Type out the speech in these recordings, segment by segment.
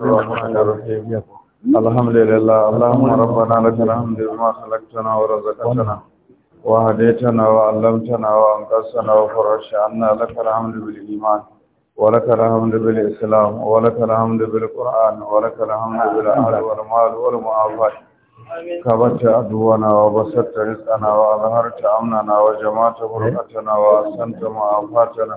الرحمن الرحيم الحمد لله اللهم ربنا لك الحمد لما خلقتنا ورزقتنا وهديتنا وعلمتنا وانقذتنا وفرجت عنا لك الحمد بالايمان ولك الحمد بالاسلام ولك الحمد بالقران ولك الحمد بالاهل والمال والمعافاه كبرت عدونا وبسطت رزقنا واظهرت امننا وجمعت بركتنا واحسنت معافاتنا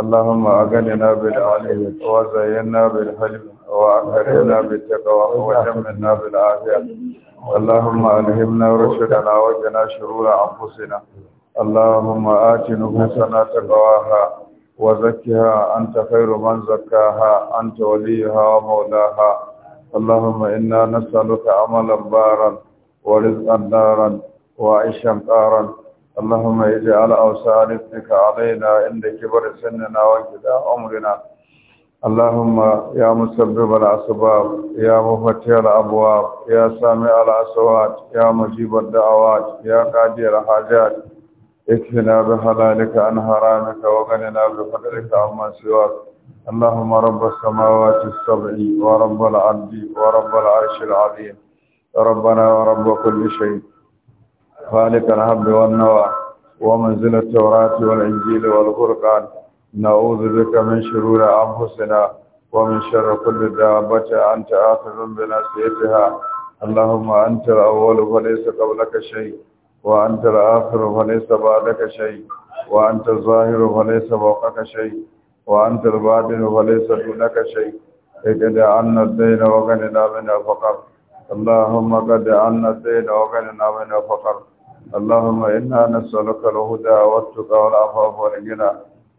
اللهم أغننا بالعلم وزينا بالحلم وأكرمنا بالتقوى وجملنا بالعافية اللهم ألهمنا رشدنا وجنا شرور أنفسنا اللهم آت نفوسنا تقواها وزكها أنت خير من زكاها أنت وليها ومولاها اللهم إنا نسألك عملا بارا ورزقا دارا وعيشا قارا اللهم اجعل أوسار رزقك علينا عند كبر سننا وجزاء عمرنا اللهم يا مسبب الأسباب يا مفتح الأبواب يا سامع الأصوات يا مجيب الدعوات يا قاضي الحاجات اكفنا بحلالك عن حرامك وغننا بفضلك عما سواك اللهم رب السماوات السبع ورب العبد ورب العرش العظيم ربنا ورب كل شيء خالق الحب والنوى ومنزل التوراة والإنجيل والفرقان نعوذ بك من شرور أنفسنا ومن شر كل دابة أنت آخر بناصيتها اللهم أنت الأول فليس قبلك شيء وأنت الآخر فليس بعدك شيء وأنت الظاهر فليس فوقك شيء وأنت الباطن فليس دونك شيء اجد عنا الدين وغننا من الفقر اللهم قد عنا الدين وغننا من الفقر اللهم إنا نسألك الهدى والتقى والعفاف والغنى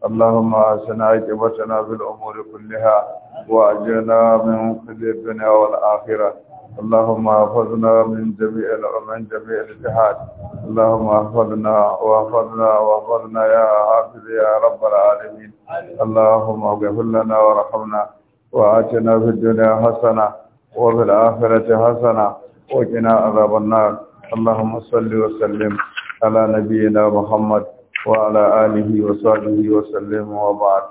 اللهم أحسن عاقبتنا في الأمور كلها وأجرنا من كل الدنيا والآخرة اللهم احفظنا من جميع من جميع الجهات اللهم احفظنا واحفظنا واحفظنا يا حافظ يا رب العالمين اللهم اغفر لنا وارحمنا وآتنا في الدنيا حسنة وفي الآخرة حسنة وقنا عذاب النار اللهم صل وسلم على نبينا محمد وعلى اله وصحبه وسلم وبعد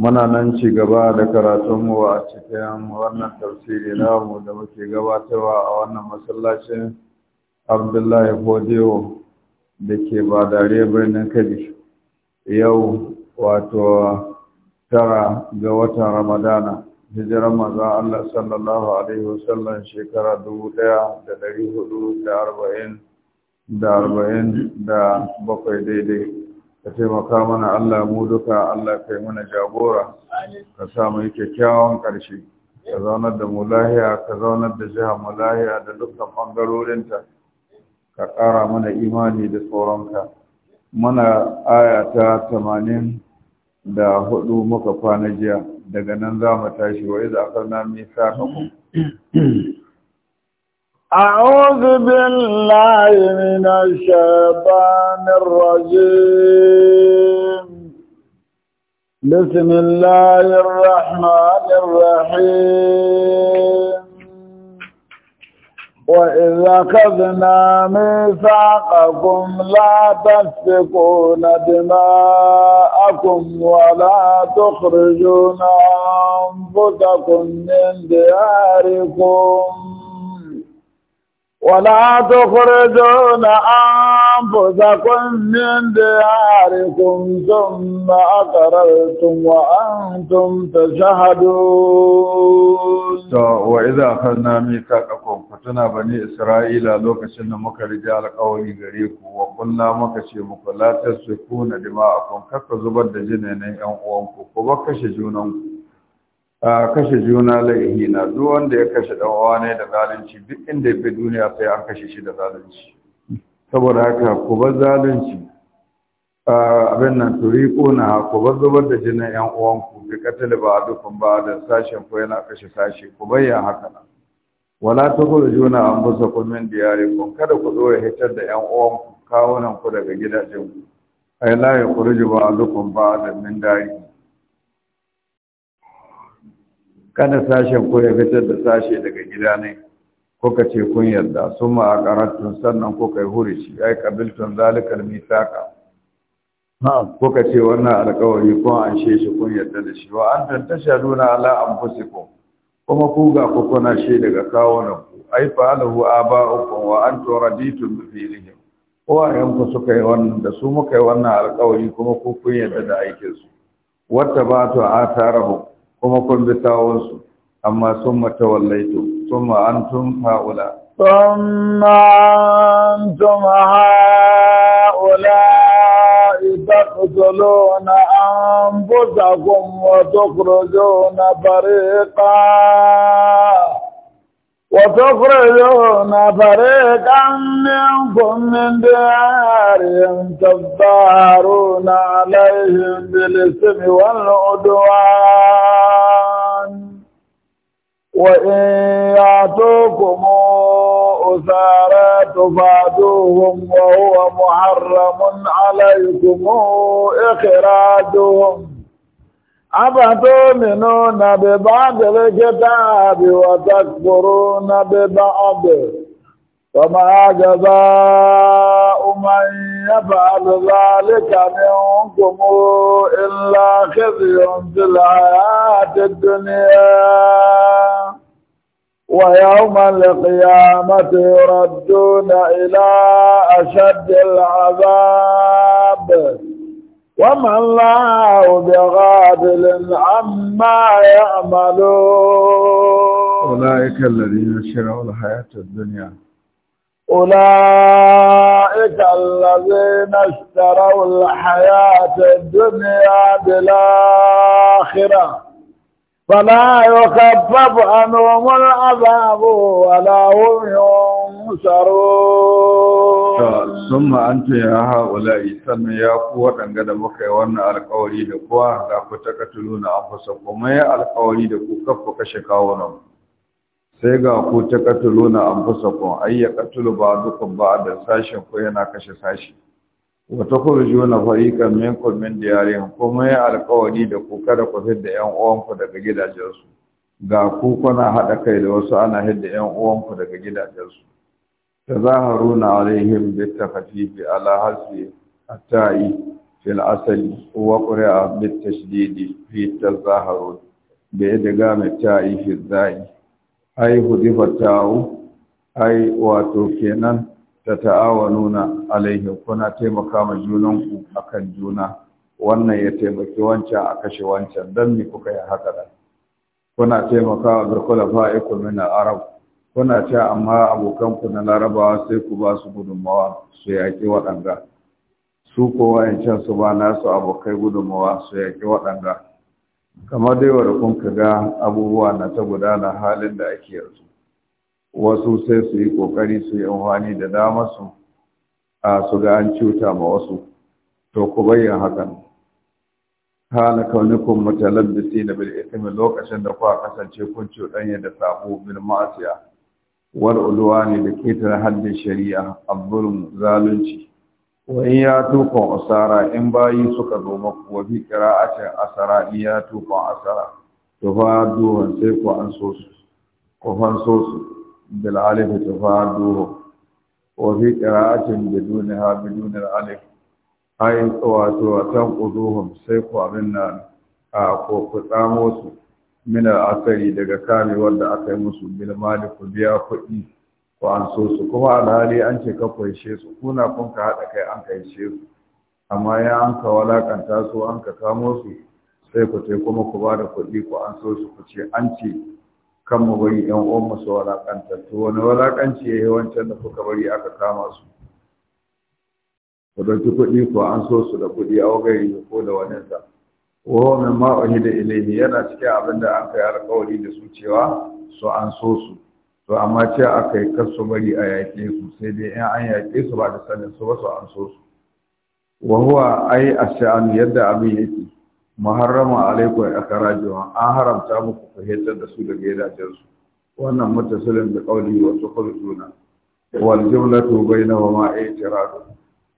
muna nan ci gaba da karatunmu a cikin wannan tafsiri namu da muke gabatarwa a wannan masallacin abdullahi fodiyo da ke badare birnin kadi yau wato tara ga watan ramadana hijiran maza Allah sallallahu Alaihi wasallam shekara dubu ɗaya da dari hudu da arba'in da arba'in da bakwai daidai ka taimaka mana Allah mu duka Allah kai mana jagora ka samu kyakkyawan ƙarshe ka zaunar da mu lahiya ka zaunar da jihar mu lahiya da dukkan ɓangarorinta ka ƙara mana imani da tsoronka mana aya ta tamanin da hudu muka kwana jiya daga nan za mu tashi wa iza akalna mithaqakum أعوذ بالله من الشيطان الرجيم بسم الله الرحمن الرحيم وإذا أخذنا ميثاقكم لا تسفكون دماءكم ولا تخرجون أنفسكم من دياركم ولا تخرجون أنفسكم أنفسكم من دياركم ثم أقررتم وأنتم تشهدون وإذا أخذنا ميثاقكم فتنا بني إسرائيل لوك سنة مكة رجال قولي غريكم وقلنا مكة شيمك لا تسفكون دماءكم كك زبد جنيني أنقوانكم وبكش a kashe juna laihi na duk wanda ya kashe dan ne da zalunci duk inda ya fi duniya sai an kashe shi da zalunci saboda haka ku bar zalunci abin nan turi na ku bar zubar da jinin yan uwanku bi katali ba dukkan ba da sashen ku yana kashe sashe ku bayyana haka nan wala tukhrijuna anfusakum min ku. kada ku zo hitar da yan uwanku kawunan ku daga gidajen ku ay la yakhruju ba da min dari kada sashen ku ya fitar da sashe daga gida ne kuka ce kun yarda suma a sannan kuka yi hurici ai kabiltun zalikar mitaka kuka ce wannan alkawari kun an shi kun yarda da shi wa an tantasha nuna ala ku kuma ku ga ku kuna shi daga kawunan ku ai fa alahu uku, wa antum raditum bi fi'lihim uwayen ku suka yi wannan da su muka yi wannan alkawari kuma ku kun yarda da aikin su wata ba ta atarahu kuma kun bi sawun amma sun mata wallaito. ثم أنتم هؤلاء ثم أنتم هؤلاء تقتلون أنفسكم وتخرجون فريقا وتخرجون فريقا منكم من ديارهم تظاهرون عليهم بالاسم والعدوان weadụgụm ụzara dụba dụ hum ụa mụharam alaigo mụekereadahum abatominụ na bebeadelegeto ha iwatabụrụ na bebe ọde maha gabaụmai يفعل ذلك منكم إلا خزي في الحياة الدنيا ويوم القيامة يردون إلى أشد العذاب وما الله بغافل عما يعملون أولئك الذين شروا الحياة الدنيا أولئك الذين اشتروا الحياة الدنيا بالآخرة فلا يخفف عنهم العذاب ولا هم ينصرون ثم أنت يا هؤلاء سنة يا قوة أن قد مكي وانا القولي دقوا لا فتكتلون أنفسكم ما يا القولي دقوا كفك شكاونهم sai ga ku ta katulu na katulu ba yaqtulu ba da sashin ku yana kashe sashi kan men fariqan minkum min diyarihim kuma mai alƙawari da ku kada ku fidda ƴan uwanku daga gidajensu ga ku kuna haɗa kai da wasu ana hidda 'yan uwanku daga gidajensu na alaihim bitakafifi ala hasi atai fil asali wa qira'a bitashdidi fi tazaharun bi idgami ta'i fi zai ai hudifattahu ai wato kenan ta ta'awanuna alaihi kuna taimaka ma junanku akan juna wannan ya taimaki wancan a kashe wancan dan me kuka yi haka da kuna taimakawa ga fa'iku min al-arab kuna ce amma abokanku na larabawa sai ku ba su gudunmawa su yaƙi waɗanda su kowa yancan su ba nasu abokai gudunmawa su yaƙi waɗanda kamar dai wa kun ga abubuwa na ta gudana halin da ake yanzu wasu sai su yi kokari su yi amfani da dama su a su ga an cuta ma wasu to ku bayyana hakan kana kaunikun mutalabbisi na bil ismi lokacin da kuka kasance kun cuɗanya da sabo bil ma'asiya wal ne da ketare haddin shari'a abdulm zalunci wa in ya tukun asara in bayi suka zo maku wa bi qira'atin asara in ya tukun asara tufadduhu sai ku an so su ku fan so su bil alif tufadduhu wa bi qira'atin bidunha bidun al alif ay wato duhun sai ku abin nan a ko ku tsamo su min al asari daga kamewar da aka yi musu bil ku biya kuɗi wa an so su kuma alhali an ce ka kwaishe su kuna kun ka haɗa kai an kaishe su amma ya an ka walakanta su an ka kamo su sai ku ce kuma ku ba da kuɗi ku an so su ku ce an ce kan mu bari yan uwan mu su walakanta to wani walakanci yi wancan da kuka bari aka kama su ku ɗauki kuɗi ku an so su da kuɗi a wagari ko da wani sa wa min ma da ilayhi yana cikin abin da an kai alƙawari da su cewa su an so su to amma ce aka yi kasu bari a yaƙe su sai dai in an yaƙe su ba da sanin su ba su an so su wa huwa ai ash'an yadda abin yake muharrama alaikum akrajuha an haramta muku ku hitar da su daga gidajen su wannan mutasilin da qawli wa tukhrijuna wal jumlatu bainahuma i'tirad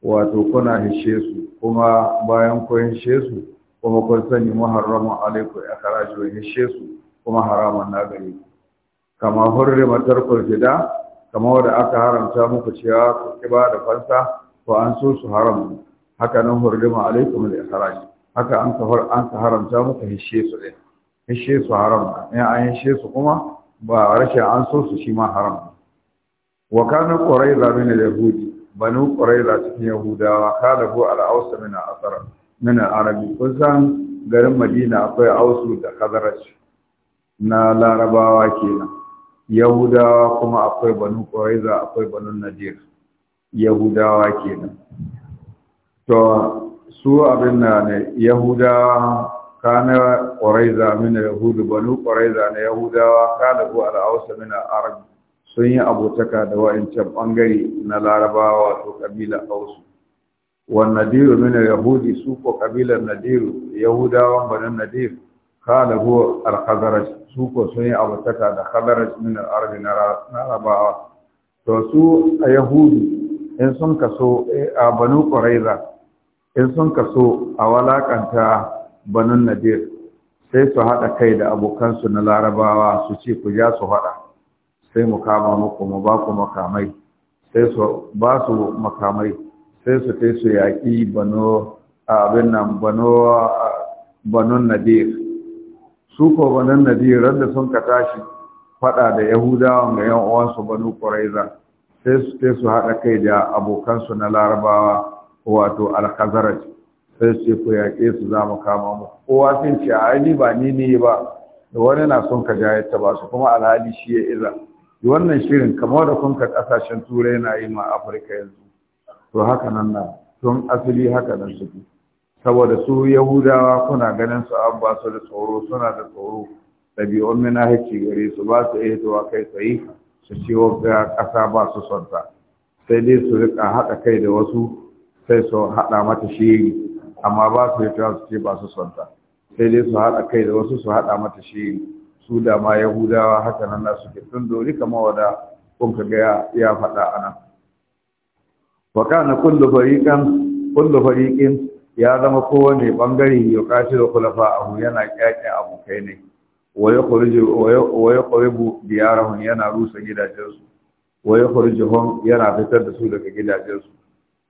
wato kuna hishe su kuma bayan ku hishe su kuma kun sani muharrama alaikum akrajuha hishe su kuma haraman na gare ku kama hurrima tarkul fida kama wadda aka haramta muku cewa ku kiba da fansa ko an so su haram haka nan hurrima alaikum al-ihraj haka an ka an ka haramta muku hishe su din hishe su haram ne an hishe su kuma ba rashin an so su shi ma haram wa kana quraiza min al-yahudi banu quraiza cikin yahudawa kana bu al-aus min al-asara min al-arabi kusan garin madina akwai ausu da khazraj na larabawa kenan yahudawa kuma akwai banu ƙwaiza akwai banu nadir yahudawa kenan to su abin da ne yahudawa kana ƙwaraiza mina yahudu banu ƙwaraiza na yahudawa kana ko al'ausa mina arab sun yi abotaka da wa'ancan ɓangare na larabawa wato ƙabila ausu wa nadiru mina yahudi su ko ƙabilar nadiru yahudawan banu nadiru kala huwa al-khazraj su ko sun yi abataka da khazraj min al-ardi na rabawa to su a yahudu in sun kaso eh, a banu quraiza in sun kaso a walakanta banu nadir sai su hada kai da abokansu na larabawa su ce ku ja su hada sai mu kama muku mu ba ku makamai sai su ba su makamai sai su kai su yaƙi bano abin nan banu banu nadir su ko banan da sun ka tashi faɗa da yahudawa ga yan uwansu banu ƙuraiza sai su su haɗa kai da abokansu na larabawa wato alkazaraj sai su ce ku yaƙe su za mu kama mu kowa sun ce a ni ba ni ne ba da wani na son ka jayar ta ba su kuma alhali shi ya iza wannan shirin kamar da kun ka ƙasashen turai na yi ma afirka yanzu to haka nan na tun asali haka nan suke saboda su yahudawa kuna ganin su an ba su da tsoro suna da tsoro ɗabi'un minahici gare su ba su iya zuwa kai tsaye su ce ga ƙasa ba su son ta sai dai su rika haɗa kai da wasu sai su haɗa mata shiri amma ba su rika su ce ba su son ta sai dai su haɗa kai da wasu su haɗa mata shiri su da ma yahudawa haka nan na suke tun dori kama wada kun ka ga ya faɗa a nan wa kana kullu fariƙin. kullu ya zama kowane bangare ya kashi da kulafa abu yana kyaƙe abokai ne wa ya biyara hun yana rusa gidajensu wa ya ƙwarijihun yana fitar da su daga gidajensu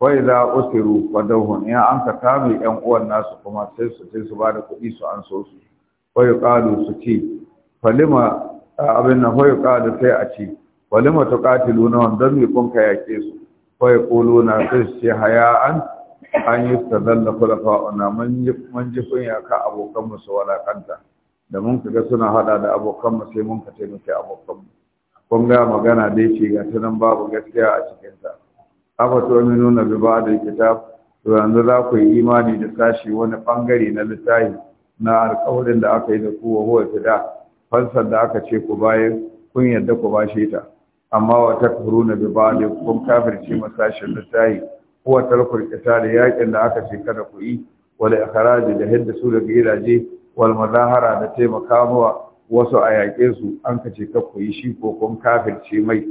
kawai za a usiru hun ya an ka kame yan uwan nasu kuma sai su sai su ba da kuɗi su an so su kawai ƙalu su ci. falima abin nan kawai ƙalu sai a ci. falima ta katilu na wanda mai kun kayake su kawai ƙolo na sai su ce an an yi tazalla kulafa na man ji kunya ka abokan mu su walakanta da mun kaga suna hada da abokan mu sai mun ka taimake abokan mu kun ga magana dai ce ga ta nan babu gaskiya a cikin ta to nuna bi da kitab to yanzu za ku yi imani da sashi wani bangare na littafi na alƙawarin da aka yi da ku wa huwa fida fansar da aka ce ku bayan kun yadda ku bashe ta amma wa takfuruna bi da kun kafirce masashin littafi huwa tarkul da yaƙin da aka ce kada ku yi wal ikhraj da hidda su daga gidaje wal mazahara da taimaka mawa wasu a yaƙe su an ka ce ku yi shi ko kun kafirce mai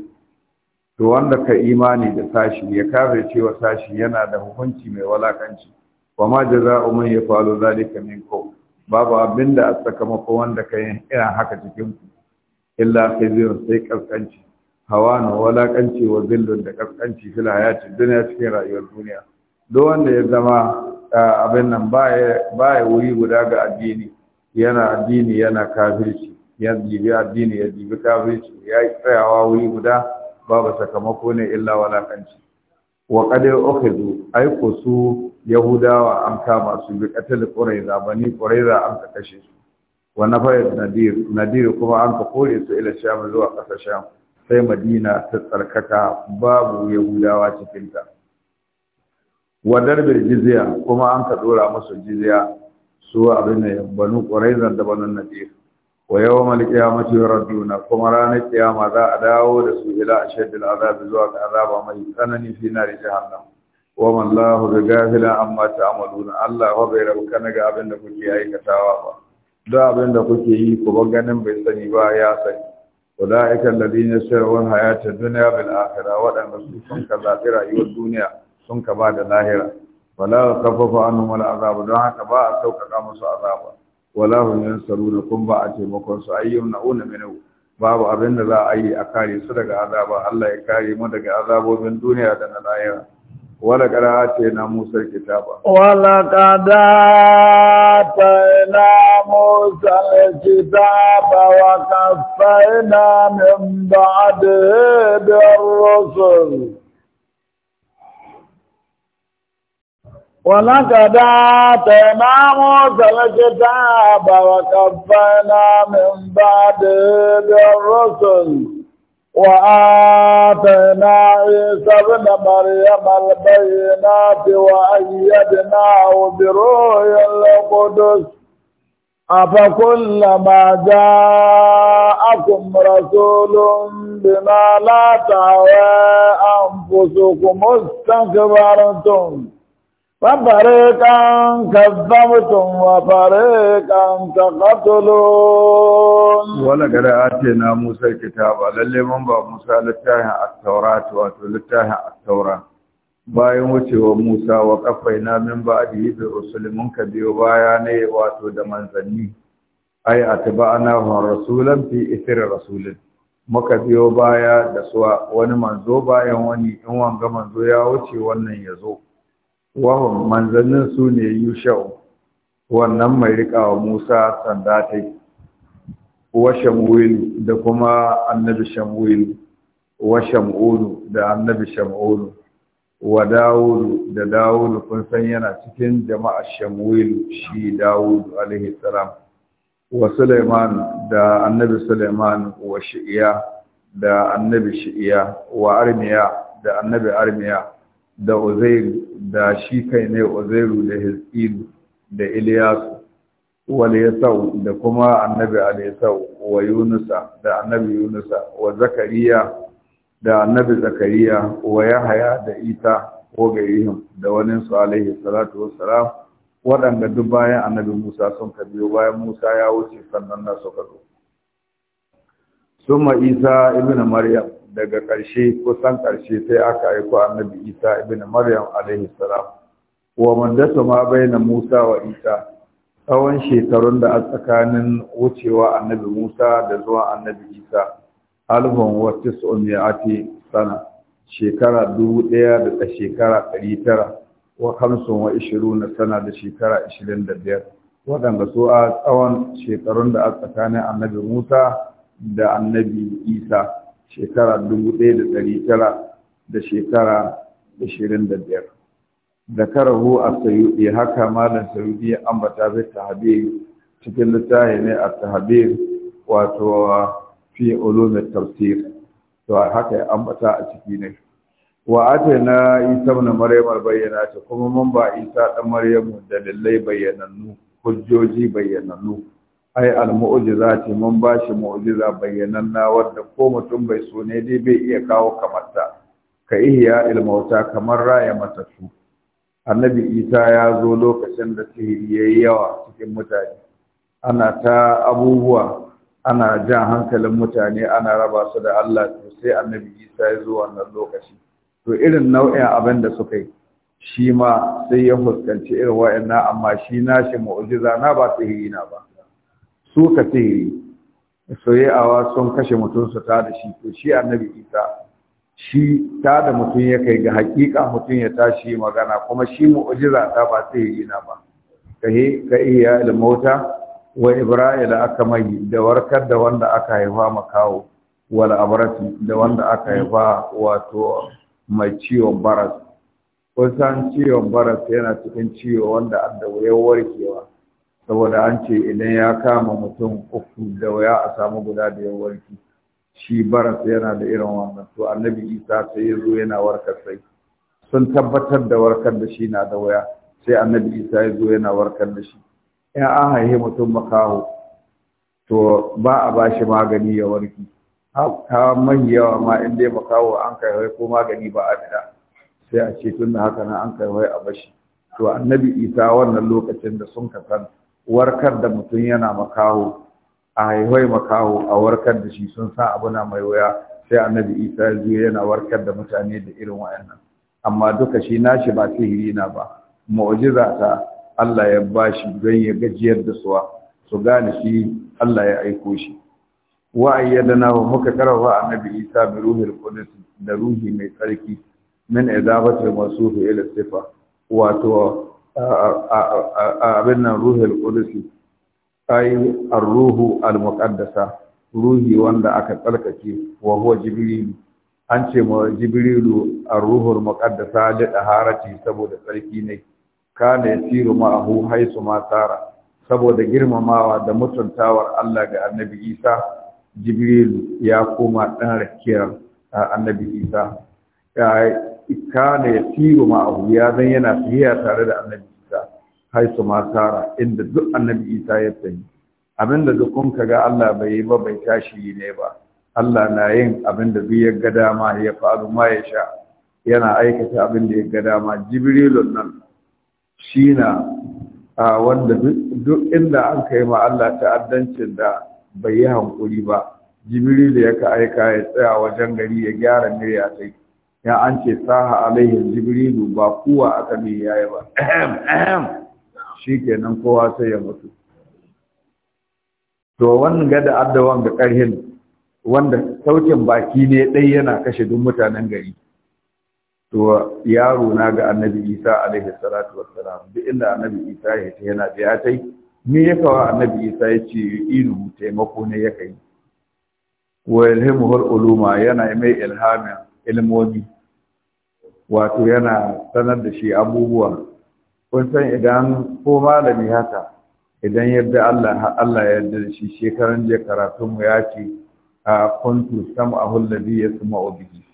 to wanda ka imani da sashi ya kafirce wa sashi yana da hukunci mai walakanci wa ma jaza'u man yafalu zalika minkum babu abinda a sakamako wanda ka yi irin haka cikin ku illa khizyun sai kaskanci hawanu walakanci wa zillun da kaskanci fil hayati duniya cikin rayuwar duniya duk wanda ya zama abin nan baya wuri guda ga addini yana addini yana kafirci ya jibi addini ya jibi kafirci ya yi tsayawa wuri guda babu sakamako ne illa walakanci wa kadai ukhidhu aiko su yahudawa an kama su bi qatl quraiza bani quraiza an ka kashe su wa nafayat nadir nadir kuma an ka kore su ila sham zuwa ƙasashen sham sai madina ta tsarkaka babu yahudawa cikinta wadar jizya kuma an ka dora musu jizya su abin da banu ƙwaraizar da banu nadir wa yawm al-qiyamati yuraduna kuma ranar kiyama za a dawo da su ila a shaddil zuwa ga azaba mai tsanani fi na da jahannam wa man lahu gafila amma ta'maluna allah wa bai rabu kana ga abin da kuke aikatawa ba Da abin da kuke yi ku ganin bai sani ba ya sani ulaika alladhina yashrun hayata dunya bil akhirah wadanda su sun ka zaɓi rayuwar duniya sun kaba da lahira wala kafafa anhum al azab don haka ba a sauƙaƙa musu azaba wala hum yansaruna kun ba a taimakon su ayyun na'una minhu babu abin da za a yi a kare su daga azaba Allah ya kare mu daga azabobin duniya da na lahira ولقد آتينا موسى الكتاب ولقد آتينا موسى الكتاب وكفينا من بعد بالرسل ولقد آتينا موسى الكتاب وكفينا من بعده بالرسل وآتنا عيسى ابن مريم البينات وأيدناه بروح القدس أفكلما جاءكم رسول بما لا تعوى أنفسكم استكبرتم ففريقا كذبتم وفريقا تقتلون ولقد آتينا موسى الكتاب للي من باب موسى للتاهن التوراة واتو للتاهن التوراة bayan wucewa Musa wa na min ba'di bi rusul mun ka biyo baya ne wato da manzanni ai a atba'ana hon rasulun fi ithri Rasulun muka biyo baya da suwa wani manzo bayan wani in wanga manzo ya wuce wannan ya zo wahum manzannin su ne yushau wannan mai rikawa musa sanda ta yi wa da kuma annabi shamuwilu wa shamulu da annabi shamulu wa dawudu da dawudu kun san yana cikin jama'a shamuwilu shi dawudu alaihi salam wa suleiman da annabi suleiman wa shi'iya da annabi shi'iya wa armiya da annabi armiya da uzairu da shi kai ne uzairu da hizkilu da iliyasu wal yasau da kuma annabi alayhisau wa yunusa da annabi yunusa wa zakariya da annabi zakariya wa yahaya da isa ko gairihim da wani su alaihi salatu wassalam waɗanda duk bayan annabi musa sun ka biyo bayan musa ya wuce sannan na suka zo Suma isa ibnu maryam daga ƙarshe kusan ƙarshe sai aka aiko annabi isa ibn maryam alaihi salam wa mandatu ma baina musa wa isa tsawon shekarun da a tsakanin wucewa annabi musa da zuwa annabi isa alfun wa tis'umiyati sana shekara dubu ɗaya da shekara ɗari tara wa hamsin wa na sana da shekara ishirin da biyar waɗanda su a tsawon shekarun da a tsakanin annabi musa da annabi isa shekara dubu ɗaya da ɗari tara da shekara ashirin da biyar haka malam هكا مال السيوطي أنبتا في التحبير cikin littafi ne a tahabir wato fi ulumin tafsir to haka ya ambata a ciki ne wa ate na isa na maryamar bayyana ta kuma mun ba isa dan maryamu dalilai bayyanannu hujjoji bayyanannu ai al ce mun bashi shi mu'jiza bayyananna wanda ko mutum bai so ne dai bai iya kawo kamar ta ka ihya ilmauta kamar raya su annabi isa ya zo lokacin da sihiri ya yi yawa cikin mutane ana ta abubuwa ana jan hankalin mutane ana raba su da allah to sai annabi isa ya zo wannan lokaci to irin nau'in abin da suka yi shi ma sai ya fuskanci irin wa'annan amma shi nashi mu'jiza na ba sihiri na ba su ka ce soyayyawa sun kashe mutunsa ta da shi to shi annabi isa shi ta da mutum ya kai ga hakika mutum ya tashi magana kuma shi mu'ujiza ta ba sai yi na ba kai ka iya ilmauta wa ibra'ila aka mai da warkar da wanda aka haifa makawo wal abrati da wanda aka haifa wato mai ciwon baras kusan ciwon baras yana cikin ciwo wanda adda warkewa saboda an ce idan ya kama mutum uku da waya a samu guda da ya warki shi baras yana da irin wannan to annabi isa sai ya zo yana warkar sai sun tabbatar da warkar da shi na da waya sai annabi isa ya zo yana warkar da shi in an haihe mutum makaho to ba a ba shi magani ya warki Ta mai yawa ma in dai makaho an kai ko magani ba a da sai a ce tun da haka nan an kai a bashi to annabi isa wannan lokacin da sun kasanta warkar da mutum yana makaho a haihai makaho a warkar da shi sun sa abu na mai wuya sai annabi isa ya zo yana warkar da mutane da irin wayannan amma duka shi nashi ba sihiri na ba mu'jiza ta Allah ya bashi don ya gajiyar da suwa su gane shi Allah ya aiko shi wa ayyadana wa muka karawa annabi isa bi ruhil qudus da ruhi mai tsarki min idabati masufi ila sifa wato abin nan ruhul qudusi ai ar-ruhu al-muqaddasa ruhi wanda aka tsarkake wa huwa jibril an ce ma jibrilu ar-ruhul muqaddasa da taharati saboda tsarki ne kana yasiru ma'ahu haisu ma tsara saboda girmamawa da mutuntawar Allah ga annabi Isa jibrilu ya koma dan rakiyar annabi Isa kana ya tiro abu ya zan yana tafiya tare da annabi isa haisu ma tara inda duk annabi isa ya tafi abinda duk kun kaga Allah bai yi ba bai tashi yi ne ba Allah na yin abinda duk ya ga dama ya faru ma ya sha yana aikata abinda ya ga dama jibrilun nan shi na wanda duk inda an kai ma Allah ta'addancin da bai yi hankuri ba jibrilu ya ka aika ya tsaya wajen gari ya gyara murya ya an ce saha alaihi jibrilu ba kuwa aka mai yayi ba shi kenan kowa sai ya mutu to wannan gada addawan ga karhin wanda saukin baki ne dai yana kashe duk mutanen gari to yaro na ga annabi isa alaihi salatu wassalam duk inda annabi isa ya ce yana biya tai me ya kawo annabi isa ya ce inu taimako ne ya kai wa ilhimuhul uluma yana mai ilhamin ilmomi wato yana sanar da shi abubuwa kun san idan ko malami haka idan yadda Allah Allah ya yarda da shi shekaran je karatu mu ya ce a kuntu sam'ahu alladhi yasma'u bihi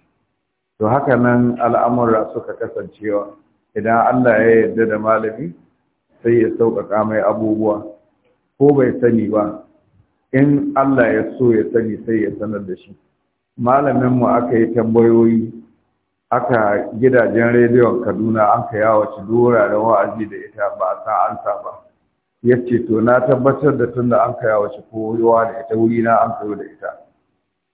to haka nan al'amura suka kasancewa idan Allah ya yarda da malami sai ya sauƙaƙa mai abubuwa ko bai sani ba in Allah ya so ya sani sai ya sanar da shi malamin mu aka yi tambayoyi aka gidajen rediyon kaduna an ka yawace wuraren wa'azi da ita ba a san ansa ba ya ce to na tabbatar da tun da an ka yawace kowa da ita wuri na an kayo da ita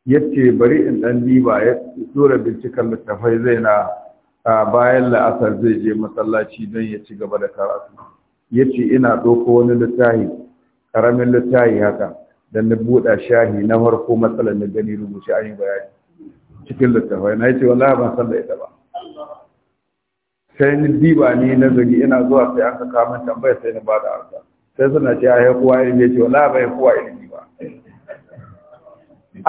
ya ce bari in ɗan diba ya tura binciken littafai zai na A bayan la'asar zai je masallaci don ya ci gaba da karatu ya ce ina ɗauko wani littafi ƙaramin littafi haka dan na buɗa shahi na farko matsalar na gani rubuce an yi bayani cikin littafai na yace wallahi ban san da ita ba sai ni diba ni zagi ina zuwa sai an ka min tambaya sai na ba da arza sai suna ce ai kowa ilimi ce wallahi bai kowa ilimi ba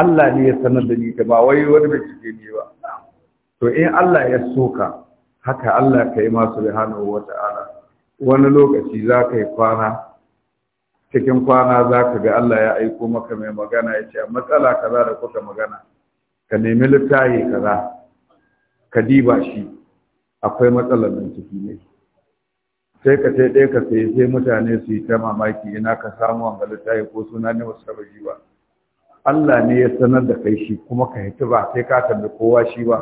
Allah ne ya sanar da ni ta ba wai wani bincike ne ba to in Allah ya soka haka Allah ka yi masu subhanahu wata'ala wani lokaci za ka yi kwana cikin kwana za ka ga Allah ya aiko maka mai magana ya ce matsala kaza da kuka magana ka nemi littafi kaza ka diba shi akwai matsalar nan ciki ne sai ka sai ɗaya ka sai sai mutane su yi ta mamaki ina ka samu wanga littaye ko suna ne wasu taba ba Allah ne ya sanar da kai shi kuma ka hitu ba sai ka tambi kowa shi ba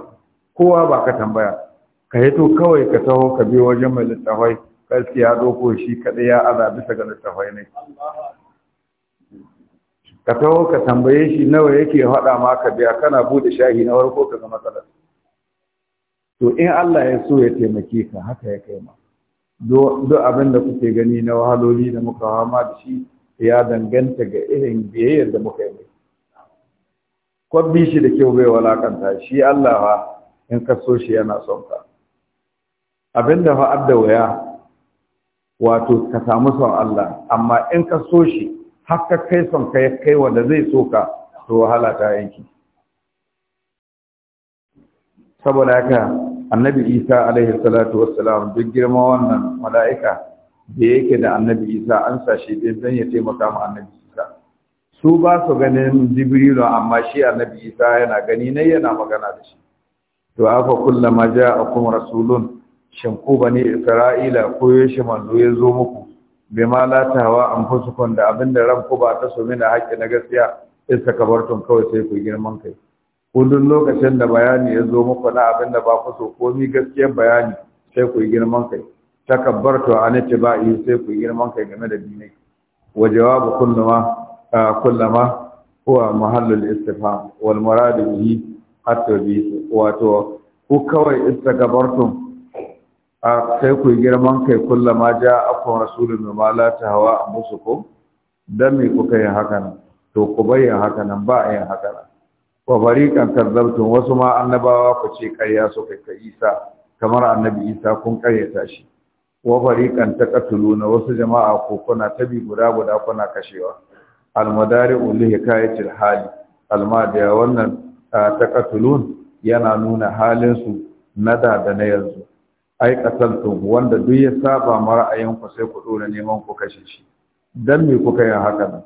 kowa ba ka tambaya ka hito kawai ka taho ka bi wajen mai littafai sarki ya doko shi kaɗai ya aza bisa ga littafai ne ka taho ka tambaye shi nawa yake haɗa ma ka biya kana buɗe shahi na farko ka ga matsalar to in Allah ya so ya taimake ka haka ya kai ma duk abin da kuke gani na wahaloli da muka hama da shi ya danganta ga irin biyayyar da muka yi kwabbi shi da kyau bai walakanta shi Allah ha in ka so shi yana son ka abin da fa'ad da waya wato ka samu son Allah amma in ka so shi har ka kai son ka kai wanda zai so ka to wahala ta yanki saboda haka annabi isa alaihi salatu wassalam duk girma wannan mala'ika da yake da annabi isa an sashi ɗin zan ya taimaka ma annabi isa su ba su ganin jibrilu amma shi annabi isa yana gani ne yana magana da shi to afa kullama ja'akum rasulun shin ku bani isra'ila ko yaushe manzo ya zo muku bai ma latawa an fusukun da abinda ku ba ta so mina haƙƙi na gaskiya isa kabartun kawai sai ku girman kai ku lokacin da bayani ya zo muku na abinda ba ku so komi gaskiyar bayani sai ku girman kai takabbartu an yi sai ku girman kai game da dini wa jawabu kulluma kullama huwa mahallul istifham wal murad bihi at-tabi'u wato ku kawai istakabartum a kai ku girman kai ma ja akon rasulun ma la ta hawa a musu ko dan me kuka yi haka nan to ku bai bayyana haka nan ba a yin haka nan wa fariqan wasu ma annabawa ku ce ƙarya su kai ka Isa kamar annabi Isa kun karyata shi wa katulu na wasu jama'a ko kuna bi guda guda kuna kashewa almadari'u li hikayatil hali almadiya wannan katulun yana nuna halin su na da da na yanzu ai qataltum wanda duk ya saba ma ra'ayinku sai ku dora neman ku kashe shi dan me kuka yi haka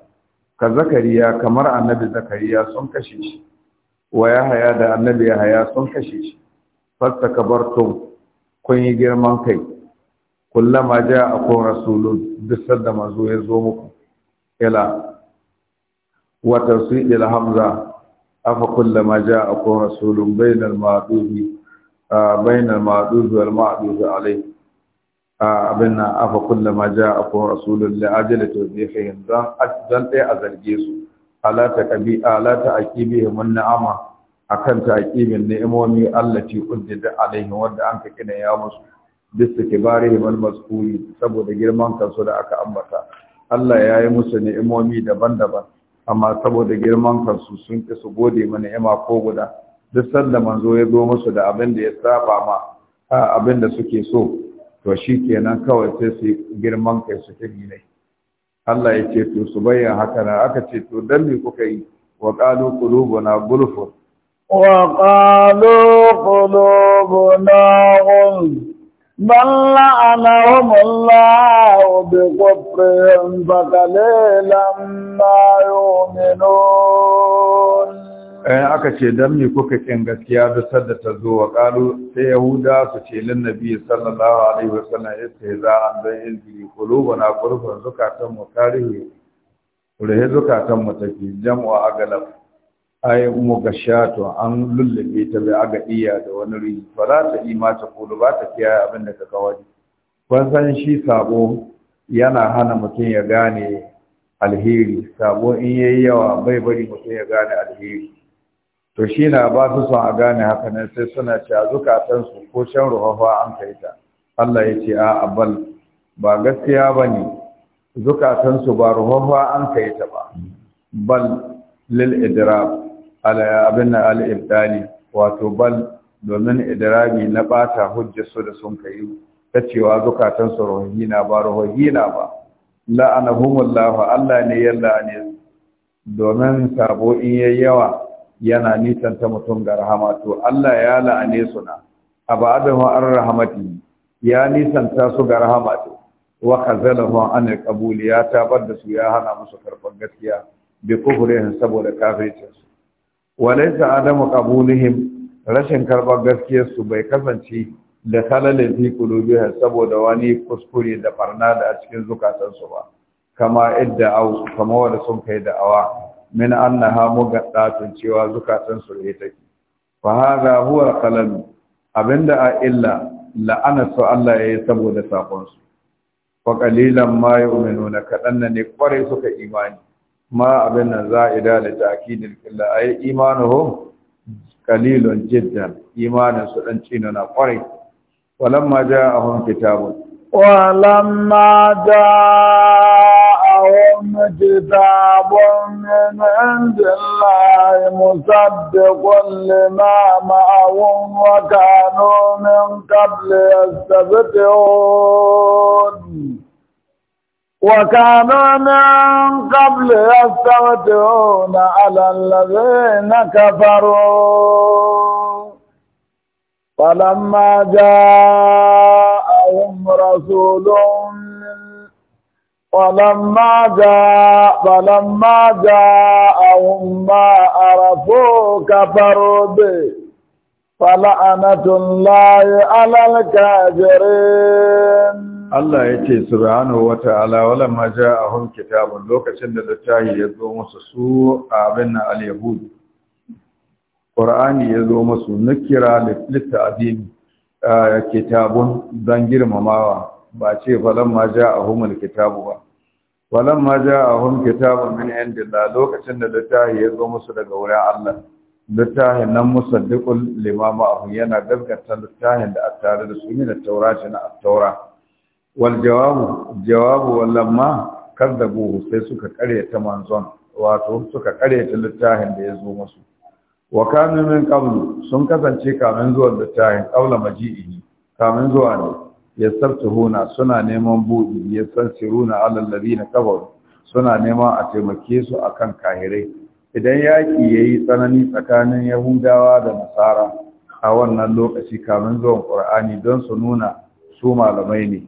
ka zakariya kamar annabi zakariya sun kashe shi wa yahaya da annabi haya sun kashe shi fastakabartum kun yi girman kai kullama ja'akum rasulun duk sanda mazo ya zo muku ila wa tawsil hamza afa kullama ja'akum rasulun bainal ma'dubi bainal ma'dud wal ma'dud alai abin nan afa kullama ja'akum rasulun li ajali tawdihihim dan dan ɗaya a zarge su ala ta kabi ala mun na'ama, a kan akan taqibin ni'imomi allati uddida alaihim wanda an ka kina ya musu bisa bari al mazkuri saboda girman kansu da aka ambata Allah ya yi musu ni'imomi daban-daban amma saboda girman kansu sun ƙi su gode mana ni'ima ko guda duk sanda manzo ya zo musu da abin da ya saba ma abin da suke so to shi kenan kawai sai su girman kai su kimi ne Allah ya ce to su bayyana haka na aka ce to dan me kuka yi wa qalu qulubuna gulfu wa qalu qulubuna gulfur بل لعنهم الله بكفرهم فقليلا ما يؤمنون ayan aka ce dan me kuka ƙin gaskiya da da ta zo wa ƙalu sai yahuda su ce lin nabi sallallahu alaihi wa sallam za a don yin jiri na kurfin zukatan mu karihi rihe zukatan mu tafi a mu gashato an lullube ta bi aga iya da wani rihi fara ta yi ta kulu ta kiyaye abin da ka kawai ban san shi sabo yana hana mutum ya gane alheri sabo in yayi yawa bai bari mutum ya gane alheri to shi na ba su son a gane haka nan sai suna cewa zukatansu ko shan ruhawa an kai ta Allah ya ce a abal ba gaskiya ba ne zukatansu ba ruhawa an kai ta ba bal lil idrab ala abin al ibdali wato bal domin idrabi na bata hujjarsu da sun kai ta cewa zukatansu ruhahi na ba ruhahi na ba la'anahumullahu Allah ne yalla ne domin sabo in yayi yawa yana nisan ta mutum ga rahama to Allah ya la'ane su na abadahu an rahamati ya nisan ta su ga rahama to wa kazalahu an qabul ya tabar da su ya hana musu karban gaskiya bi kufrihim saboda kafircin su walaysa adamu qabulihim rashin karban gaskiyar su bai kasance da halalin fi qulubihim saboda wani kuskure da barna da a cikin zukatansu ba kama idda au kama wanda sun kai da awa. min annaha mugaddatun cewa zukatan su ne take fa hadha huwa qalam abinda a illa la'ana su Allah yayi saboda sakon su wa qalilan ma yu'minuna kadan ne kware suka imani ma abin nan za'ida da ta'kidil qilla ay imanuhum qalilun jiddan imanin su dan cina na kware walamma ja'ahum kitabun walamma ja'ahum كتاب من عند الله مصدق لما معهم وكانوا من قبل يستبدعون وكانوا من قبل يستفتون على الذين كفروا فلما جاءهم رسول فلما جاء فلما جاءهم ما عرفوا كفروا به فلعنة الله على الكافرين Allah ya ce subhanahu wata'ala wala ma hun kitabun lokacin da littafi ya zo musu su abin na al-yahud ya zo musu nukira litta'dib kitabun don girmamawa ba ce falon ma ja a humul kitabu ba falon ma ja a hum kitabun min indillah lokacin da littahi ya zo musu daga wurin Allah littafin nan limama a hun yana gaskata littafin da aka tare da su min at-taurati na at-taura wal jawabu jawabu da buhu sai suka karyata manzon wato suka karyata littafin da ya zo musu wa kanu min qablu sun kasance kamin zuwan littafin qabla maji'i kamin zuwa ne yastabtuhuna suna neman budi yastansiruna ala alladhina kafaru suna neman a taimake su akan kahirai idan yaki yayi tsanani tsakanin yahudawa da nasara a wannan lokaci kamin zuwan qur'ani don su nuna su malamai ne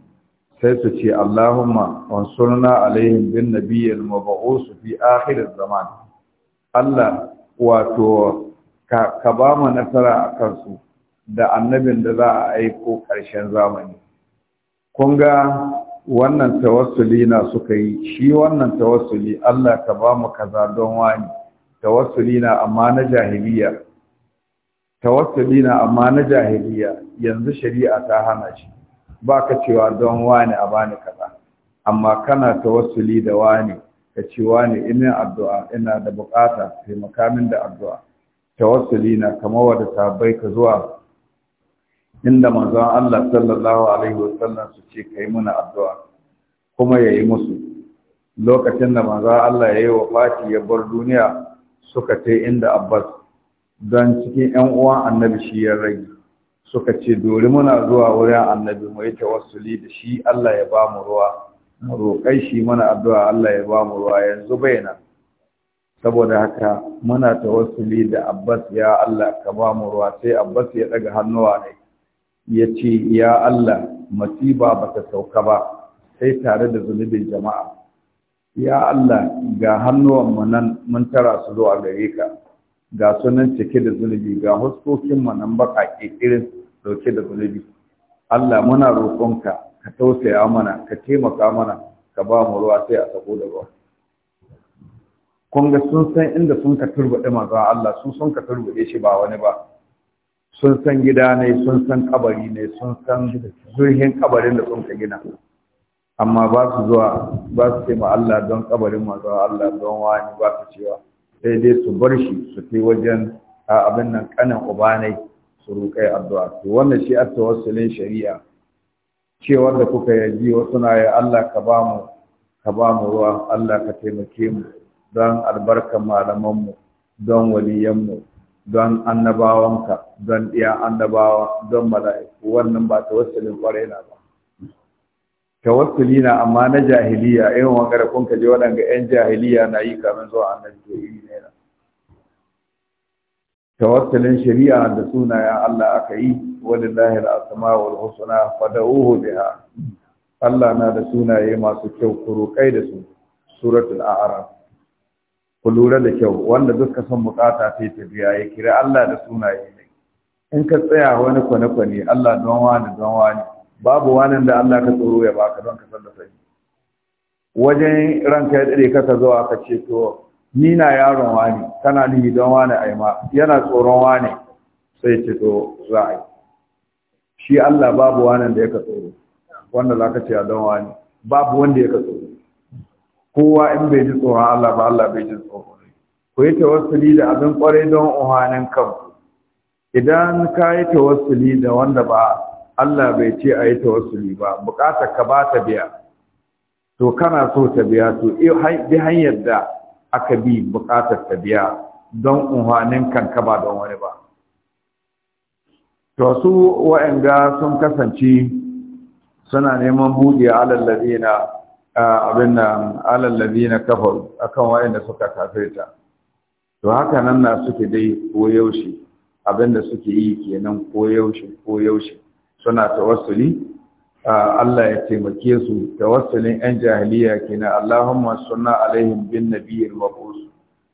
sai su ce Allahumma wansurna alaihim bin nabiyyil mab'us fi akhir zaman Allah wato ka ba mu nasara akan su da annabin da za a aiko ƙarshen zamani kun ga wannan tawassuli na suka yi shi wannan tawassuli Allah ka ba mu kaza don wani tawassuli na amma na jahiliya tawassuli na amma na jahiliya yanzu shari'a ta hana shi ba ka cewa don wani a bani kaza amma kana tawassuli da wani ka ce wani ina addu'a ina da bukata taimaka min da addu'a tawassuli na kamar wadda bai ka zuwa inda manzon Allah sallallahu alaihi wasallam su ce kai muna addu'a kuma yayi musu lokacin da manzon Allah yayi wafati ya bar duniya suka ce inda Abbas dan cikin ƴan uwan annabi shi ya rage suka ce dori muna zuwa wurin annabi mu yi tawassuli da shi Allah ya ba mu ruwa mu roƙai shi mana addu'a Allah ya ba mu ruwa yanzu bayyana saboda haka muna tawassuli da Abbas ya Allah ka ba mu ruwa sai Abbas ya daga hannuwa ne ya ce ya Allah masiba ba ta sauka ba sai tare da zunubin jama'a ya Allah ga hannuwanmu nan mun tara su zuwa gare ka ga sunan cike da zunubi ga huskokinmu nan baƙaƙe irin dauke da zunubi Allah muna roƙonka ka tausaya mana ka taimaka mana ka ba mu ruwa sai a sako da ruwa kun ga sun san inda sun ka turbuɗe maza Allah sun sun ka turbuɗe shi ba wani ba sun san gida ne sun san kabari ne sun san zurhin kabarin da sun ka gina amma ba su zuwa ba su ce ma Allah don kabarin zuwa Allah don wani ba su cewa sai dai su bar shi su kai wajen abin nan kanan ubanai su roƙai addu'a to wannan shi at tawassulin shari'a cewar da kuka yaji wasu na ya Allah ka ba mu ka ba mu ruwa Allah ka taimake mu don albarkar malaman mu don waliyan don annabawanka don iya annabawa don mala'iku wannan ba tawassulin kwarai na ba tawassuli na amma na jahiliya irin wanga da kun kaje waɗanda 'yan jahiliya na yi kamin zuwa annabi to iri ne na tawassulin shari'a da sunayen Allah aka yi a sama wa wal fada uhu biha Allah na da sunaye masu kyau ku roƙai da su suratul a'raf ku lura da kyau wanda duka son bukata ta yi tafiya ya kira Allah da sunaye ne in ka tsaya wani kwane-kwane Allah don wani don wani babu wani da Allah ka tsoro ya baka don ka san da sani wajen ranka ya dade kaka zuwa ka ce to ni na yaron wani kana nihi don wani ma? yana tsoron wani sai ce to za a yi shi Allah babu wani da ya ka tsoro wanda za ka ce a don wani babu wanda ya ka tsoro kowa in bai ji tsoron Allah ba Allah bai ji tsoro ku yi tawassuli da abin kwarai don uhanin kanku idan ka yi tawassuli da wanda ba Allah bai ce a yi tawassuli ba bukatar ka ba ta biya to kana so ta biya to eh, bi hanyar da aka bi bukatar ta biya don uhanin ka ba don wani ba to su wa'anga sun kasance suna neman buɗe alal ladina abin nan alallabi na kafaru akan wa'inda suka kafirta to haka nan na suke dai koyaushe abin da suke yi kenan koyaushe koyaushe suna tawassuli Allah ya taimake su tawassulin yan jahiliya kenan Allahumma sunna alaihim bin nabiyil mabus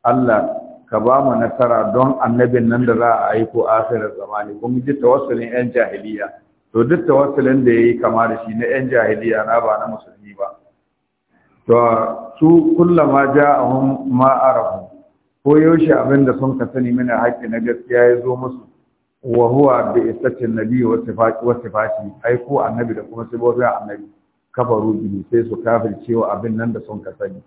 Allah ka ba mu nasara don annabin nan da za a aiko asirar zamani kuma duk tawassulin yan jahiliya to duk tawassulin da yayi kama da shi na yan jahiliya na ba na musulmi ba to su kullama ja'ahum ma arafu ko yaushe abin da sun ka sani mana haƙƙi na gaskiya ya zo musu wa huwa bi istatin nabi wa sifati wa sifati ai ko annabi da kuma sibobin annabi kafaru bihi sai su kafin cewa abin nan da sun ka sani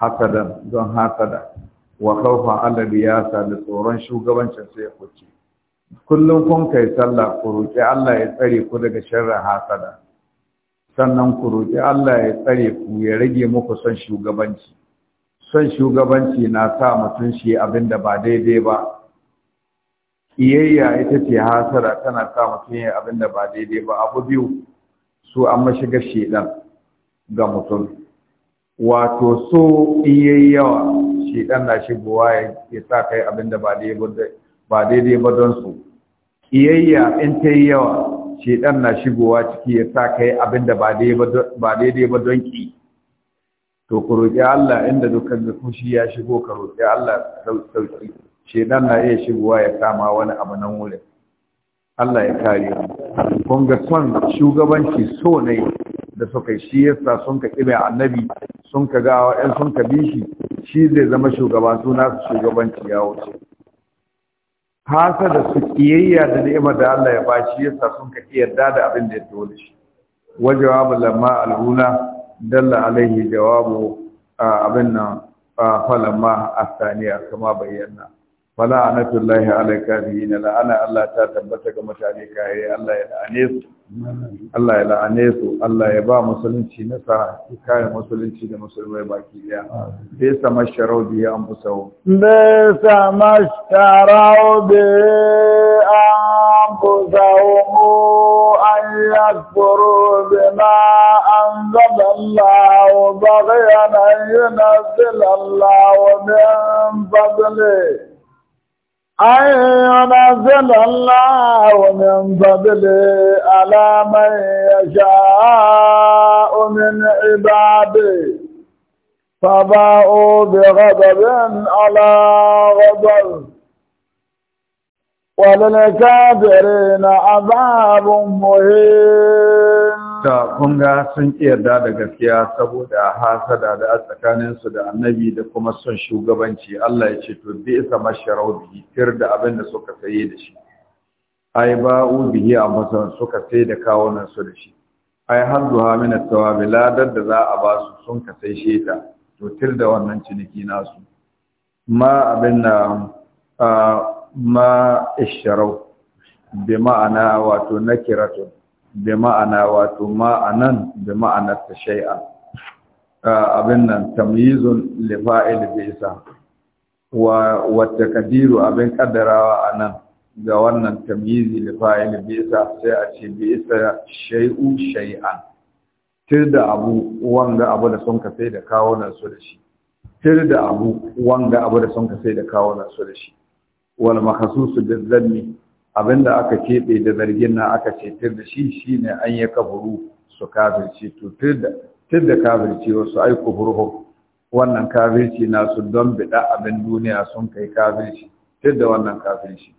hasadan don hasada wa khawfa allazi ya sa da tsoron shugabancin sai ya kuce kullum kun kai sallah ku roki Allah ya tsare ku daga sharrin hasada sannan ku roƙi Allah ya tsare ku ya rage muku son shugabanci son shugabanci na sa mutum shi abin da ba daidai ba iyayya ita ce hasara tana sa mutum ya abin da ba daidai ba abu biyu su an mashiga shedan ga mutum wato so iyayyawa shedan na shigowa ya sa kai abin da ba daidai ba don su iyayya in ta yi yawa shedan na shigowa ciki ya sa kai abin da ba daidai ba don ki to ku roƙi Allah inda dukkan kushi ya shigo ka roƙi Allah sauki shedan na iya shigowa ya ma wani abu nan wurin Allah ya kare mu kun ga son shugabanci so ne da suka yi shi yasa sun ka kibe annabi sun ka ga wa'en sun ka bi shi shi zai zama shugaba suna shugabanci ya wuce hasa da su kiyayya da ni'imar da Allah ya bashi yasa sun ka yarda da abin da ya dole shi wa jawabu lamma alhuna dalla alaihi jawabu abin nan falamma asaniya kama bayyana fala anatullahi ala kafirin la'ana Allah ta tabbata ga mutane kai Allah ya la'ane su Allah ya la'ane su Allah ya ba musulunci nasara ya kare musulunci da musulmai baki daya bai sama sharau bi an fusau bai sama sharau bi an fusau an yakfuru bima anzala Allah baghyana yunzila Allah min fadlihi أن ينزل الله من فضله على من يشاء من عباده فباءوا بغضب على غضب وللكافرين عذاب مهين ta kunga sun ƙi yarda da gaskiya saboda hasada da a tsakaninsu da annabi da kuma son shugabanci Allah ya ce to bi isa masharau bihi tir da abin da suka saye da shi ai ba u bihi a masan suka sai da kawunan su da shi ai har zuwa min tawabi ladar da za a ba su sun ka sai sheta to tir da wannan ciniki nasu ma abin na ma isharau bi ma'ana wato nakiratun bi ma'ana wato ma'anan bi ma'anar ta shay'a abin nan tamyizun li fa'il bisa wa wa takdiru abin kaddarawa anan ga wannan tamyizi li fa'il bisa sai a ce bisa shay'u shay'an tir da abu wanga abu da sun ka sai da kawo nan su da shi tir da abu wanga abu da sun ka sai da kawo nan su da shi wal makhsusu bil zanni Abin da aka keɓe da zargin nan aka cetar da shi shine an yi kafuru su kafirce to tun da kafirci wasu ai kufurhum wannan kafirci su don bida abin duniya sun kai kafirci tun da wannan kafirci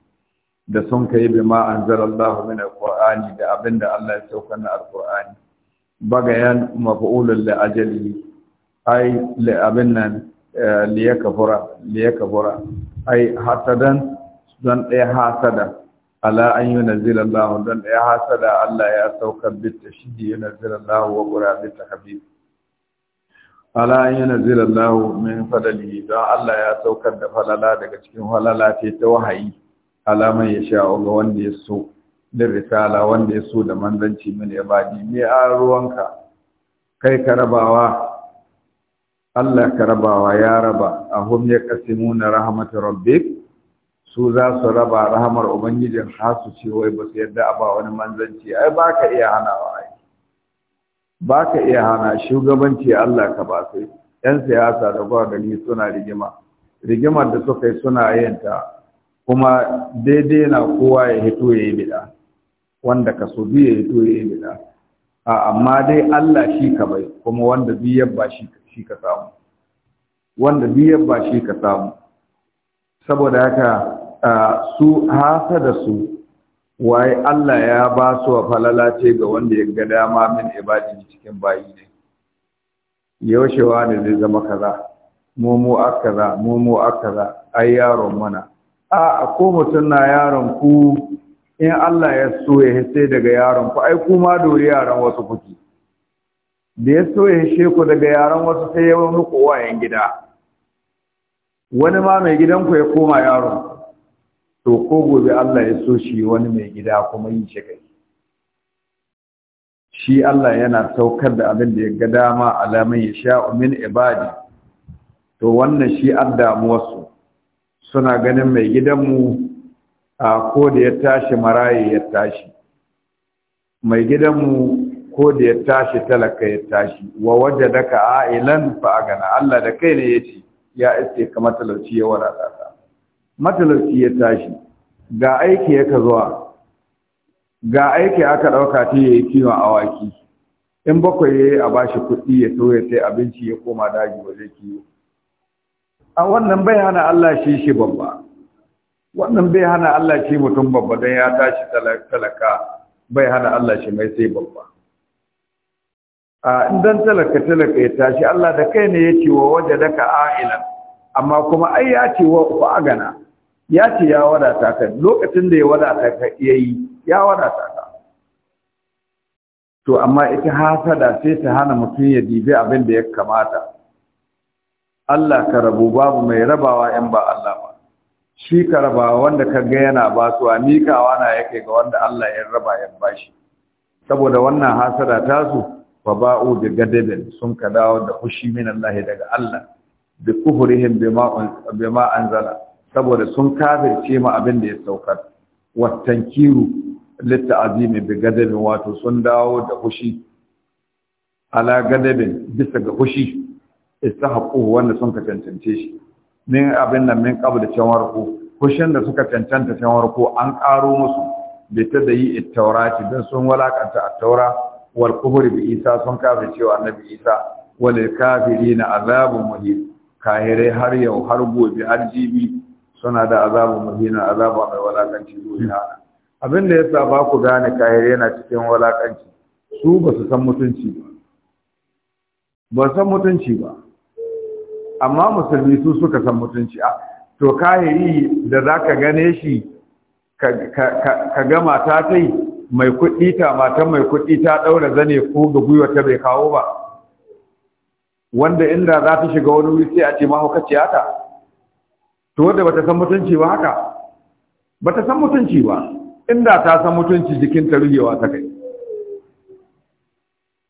da sun kai bi ma an Allah min alqur'ani da abin da Allah ya sauka na alqur'ani bagayan maf'ulul li ajali ai li abin nan eh, li yakfura li yakfura ai hasadan don ɗaya hasada ala an yunzila Allah don ya hasada Allah ya saukar bitta shi yunzila Allah wa qurabita habib ala an yunzila Allah min fadali Don Allah ya saukar da falala daga cikin falala ce ta wahayi Alamai ya sha Allah wanda ya so din risala wanda ya so da manzanci ya baji me a ruwanka kai ka rabawa Allah ka rabawa ya raba ahum na rahmatu rabbik su za su raba rahamar ubangijin hasu ce wai ba su yadda a ba wani manzanci ai ba ka iya hanawa ai ba ka iya hana shugabanci Allah ka ba sai yan siyasa da kwa gani suna rigima rigimar da suka yi suna ta. kuma daidai na kowa ya hito ya yi bida wanda ka so ya hito ya yi bida a amma dai Allah shi ka bai kuma wanda biyar ba shi ka samu wanda biyan ba shi ka samu saboda haka su hasa da su waye Allah ya ba su wa falala ce ga wanda ya ga dama min ibadi cikin bayi ne yaushewa ne zai zama kaza momo akaza momo akaza ai yaron mana a ko mutum na yaron ku in Allah ya so ya hisse daga yaron ku ai kuma dori yaran wasu kuki da ya so ya hishe ku daga yaran wasu sai ya muku wayan gida wani ma mai gidan ku ya koma yaron to ko gobe Allah ya so shi wani mai gida kuma yin shi shi Allah yana saukar da abin da ya ga dama alamai ya sha min ibadi to wannan shi an damuwarsu suna ganin mai gidanmu a ko da ya tashi maraye ya tashi mai gidanmu ko da ya tashi talaka ya tashi wa wajadaka ailan fa gana Allah da kai ne ya ce ya iske kamar talauci ya wadata matalauci ya tashi ga aiki ka zuwa ga aiki aka ɗauka ta yi kiwon awaki in bakwai ya yi a bashi kuɗi ya to ya sai abinci ya koma daji waje kiwo a wannan bai hana Allah shi shi babba wannan bai hana Allah shi mutum babba don ya tashi talaka bai hana Allah shi mai sai babba A dan talaka talaka ya tashi Allah da kai ne ya ce wa waje daka a'ilan amma kuma ai ya ce wa gana ya ce ya wadata ka lokacin da ya wadata ka ya yi ya wadata ka to amma ita hasada sai ta hana mutum ya dibe abin da ya kamata Allah ka rabu babu mai rabawa in ba Allah ba shi ka rabawa wanda ka ga yana ba su a mikawa na yake ga wanda Allah ya raba ya shi saboda wannan hasada ta su fa ba'u bi gadadin sun ka dawo da fushi min Allah daga Allah bi kufrihim bima bima anzala saboda sun kafirce ma abin da ya saukar kiru litta azimi bi gadabin wato sun dawo da hushi ala gadabin bisa ga hushi istahaqu wanda sun ka cancance shi min abin nan min qabl da cewar ku hushin da suka cancanta cewar ku an karo musu bi yi yi taurati dan sun walakanta a taura wal kufur bi isa sun kafirce wa annabi isa wal kafirina azabun muhim kahire har yau har gobe har jibi suna da azabun muhina azaba mai walakanci duniya abin da yasa ba ku gane kahire yana cikin walakanci su ba su san mutunci ba ba san mutunci ba amma musulmi su suka san mutunci a to kayari da zaka gane shi ka gama ta tai mai kuɗi ta mata mai kuɗi ta ɗaura zane ko ga gwiwa ta bai kawo ba wanda inda za ta shiga wani wuri sai a ce mahaukaciya ta to wanda bata san mutunci ba haka bata san mutunci ba inda ta san mutunci jikinta rugewa ta kai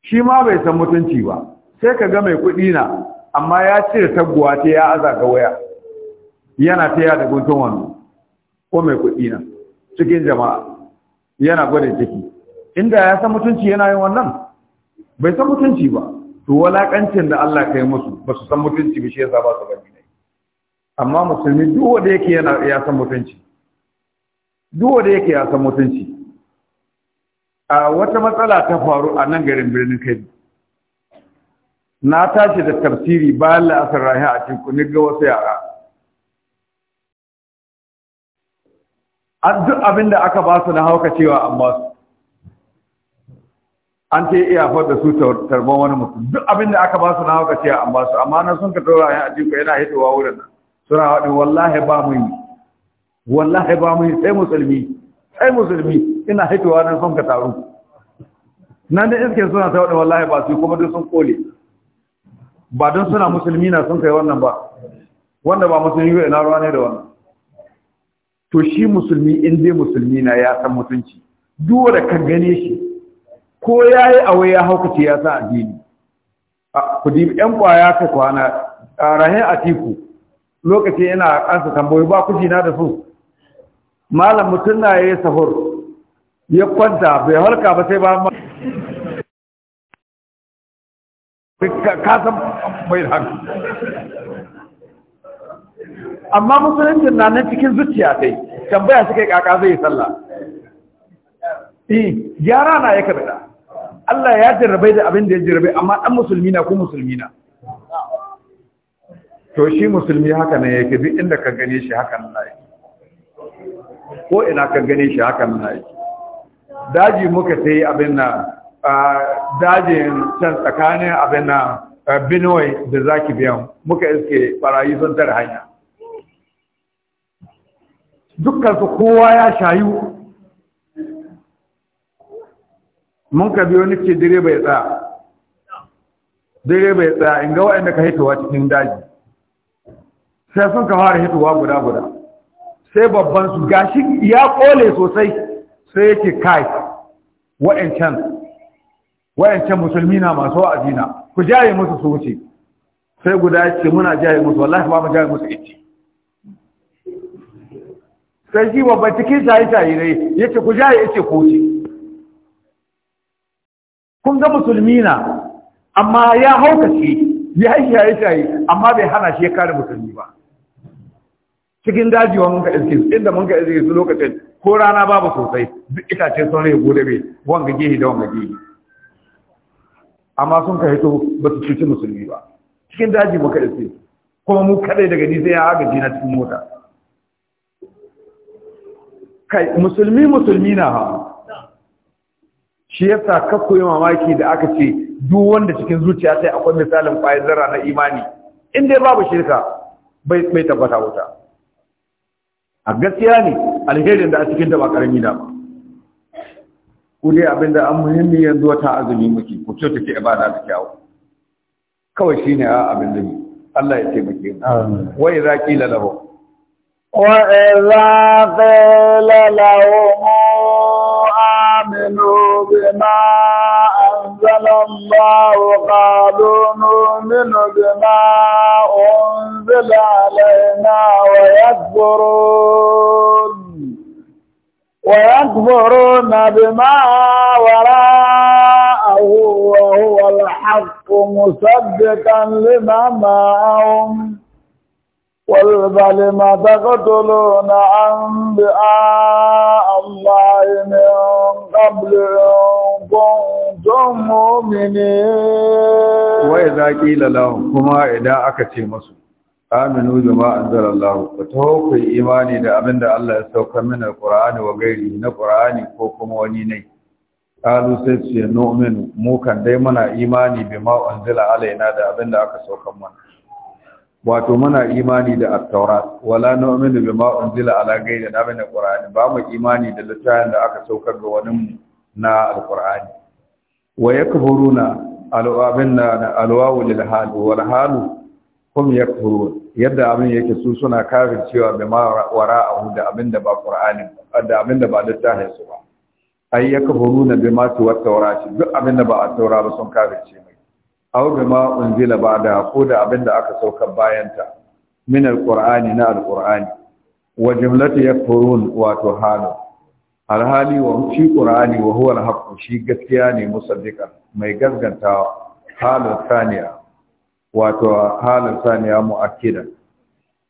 shi ma bai san mutunci ba sai ka ga mai kuɗi na amma ya cire taguwa ta ya aza ga waya yana ta ya da guntun wani ko mai kuɗi na cikin jama'a yana gwada ciki inda ya san mutunci yana yin wannan bai san mutunci ba to walakancin da Allah ka yi musu ba su san mutunci ba shi yasa ba su gani amma musulmi duk wanda yake yana ya san mutunci duk wanda yake ya san mutunci a wata matsala ta faru a nan garin birnin kai na tashi da tafsiri bayan la'asar rahiya a cikin ni ga wasu yara an duk abin da aka ba su na hauka cewa an ba su an ce iya da su tarban wani mutum duk abin da aka ba su na hauka cewa an ba su amma na sun ka tora a cikin yana hitowa wurin nan suna waɗin wallahi ba mu yi wallahi ba mu yi sai musulmi sai musulmi ina haifewa nan son ka taru nan da iske suna ta waɗin wallahi ba su kuma duk sun kole ba don suna musulmi na sun kai wannan ba wanda ba musulmi ba ina ruwa ne da wannan to shi musulmi in dai musulmi na ya san mutunci duk da kan gane shi ko ya yi awa ya haukace ya san addini ku dibi ƴan kwaya ta kwana rahin atiku lokaci yana ansa tambayoyi ba kuji na da su malam mutum na yayi sahur ya kwanta bai halka ba sai ba ka san mai haka amma musulunci na nan cikin zuciya sai tambaya suka yi kaka zai yi sallah eh, gyara na ya karɓa Allah ya jarrabai da abin da ya jarrabai amma ɗan musulmi na ko musulmi na to shi musulmi haka ne yake duk inda ka gane shi haka nan yake ko ina ka gane shi haka nan yake daji muka sai abin nan dajin can tsakanin abin nan binoy da zaki biyan muka iske barayi sun tare hanya dukkan su kowa ya shayu mun ka biyo nake direba ya tsaya direba ya tsaya in ga waɗanda ka haitowa cikin daji sai sun ka da hituwa guda guda sai babban su gashi ya kole sosai sai yake kai wa'ancan wa'ancan musulmi na masu wa'azina ku jaye musu su wuce sai guda ya ce muna jaye musu wallahi ba mu jaye musu ici sai shi babban cikin shayi-shayi ne ya ce ku jaye ice ku wuce kun ga musulmi na amma ya haukace ya yi shaye-shaye amma bai hana shi ya kare musulmi ba cikin daji wa munka iske su inda munka iske su lokacin ko rana babu sosai duk itace sun rai gode bai wanga gehi da wanga gehi amma sun ka hito ba su cuci musulmi ba cikin daji muka iske su kuma mu kadai daga nisa ya agaji jina cikin mota kai musulmi musulmi na ha shi yasa kakko yi mamaki da aka ce duk wanda cikin zuciya sai akwai misalin kwayar zara na imani in dai babu shirka bai tabbata wuta a gaskiya ne alherin da a cikin da ba karami da ba ku dai da an muhimmi yanzu wata azumi muke ku ce take ibada da kyawu kawai shine a abin da Allah ya taimake mu amin wa idza qila lahu wa iza qila lahu aminu bima anzala Allah qalu nu'minu bima يتل علينا ويكبرون ويكبرون بما وراءه وهو الحق مصدقا لما معهم قل ما تقتلون أنبئاء الله من قبل إن كنتم مؤمنين وإذا قيل لهم كما إذا أكتمسوا aminu bima anzalallahu ku taho ku imani da abin da Allah ya sauka min alqur'ani wa gairi na qur'ani ko kuma wani ne qalu sai ce nu'minu mu kan dai muna imani ma anzala alaina da abin da aka sauka mana wato muna imani da at-taurat wala nu'minu ma unzila ala gairi na da alqur'ani ba mu imani da littafin da aka saukar ga wani na alqur'ani wa yakfuruna na alwawu lil hal wal halu hum yakfurun yadda abin yake su suna cewa da ma wara'ahu da abin da ba qur'ani da abin da ba littafin su ba ay yakfuruna bima shi duk abin da ba a taura ba sun ce mai aw ma unzila ba'da ko da abin da aka sauka bayan ta min alqur'ani na alqur'ani wa jumlatu yakfurun wato halu alhali wa shi ƙur'ani, wa huwa alhaq shi gaskiya ne musaddiqan mai gaskanta halu saniya. wato halin saniya mu'akkida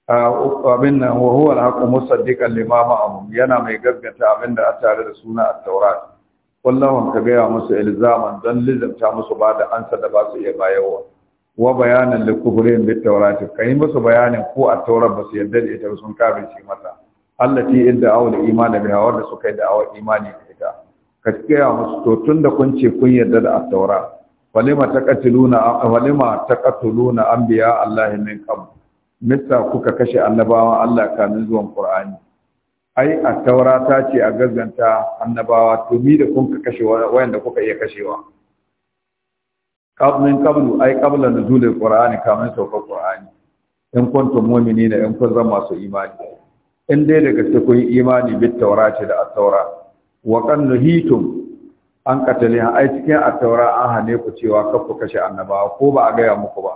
abin nan wa huwa al-haqqu musaddiqan lima yana mai gaggata abin da a tare da suna at-taurat wallahu ka gaya musu ilzaman don lizamta musu ba da ansa da ba su iya bayarwa wa bayanan da kufurin bi taurati kai musu bayanin ko a taurat ba su yarda da ita sun kafirce mata allati inda awul imani bi hawar da suka yi da awul imani da ita ka gaya musu to tunda da kun ce kun yarda da at-taura falima taqatuluna falima an anbiya Allah min kam mista kuka kashe annabawa Allah kamin zuwan Qur'ani ai a taura ta ce a gazganta annabawa to mi da kun kashe wayanda kuka iya kashewa qablan qablu ai na zule qur'ani kamin saukar qur'ani in kuntum mu'minina in kun zama masu imani in dai daga cikin kun imani bit taurati da at-taura wa an katale ai cikin attaura an hane ku cewa kar ku kashe annabawa ko ba a gaya muku ba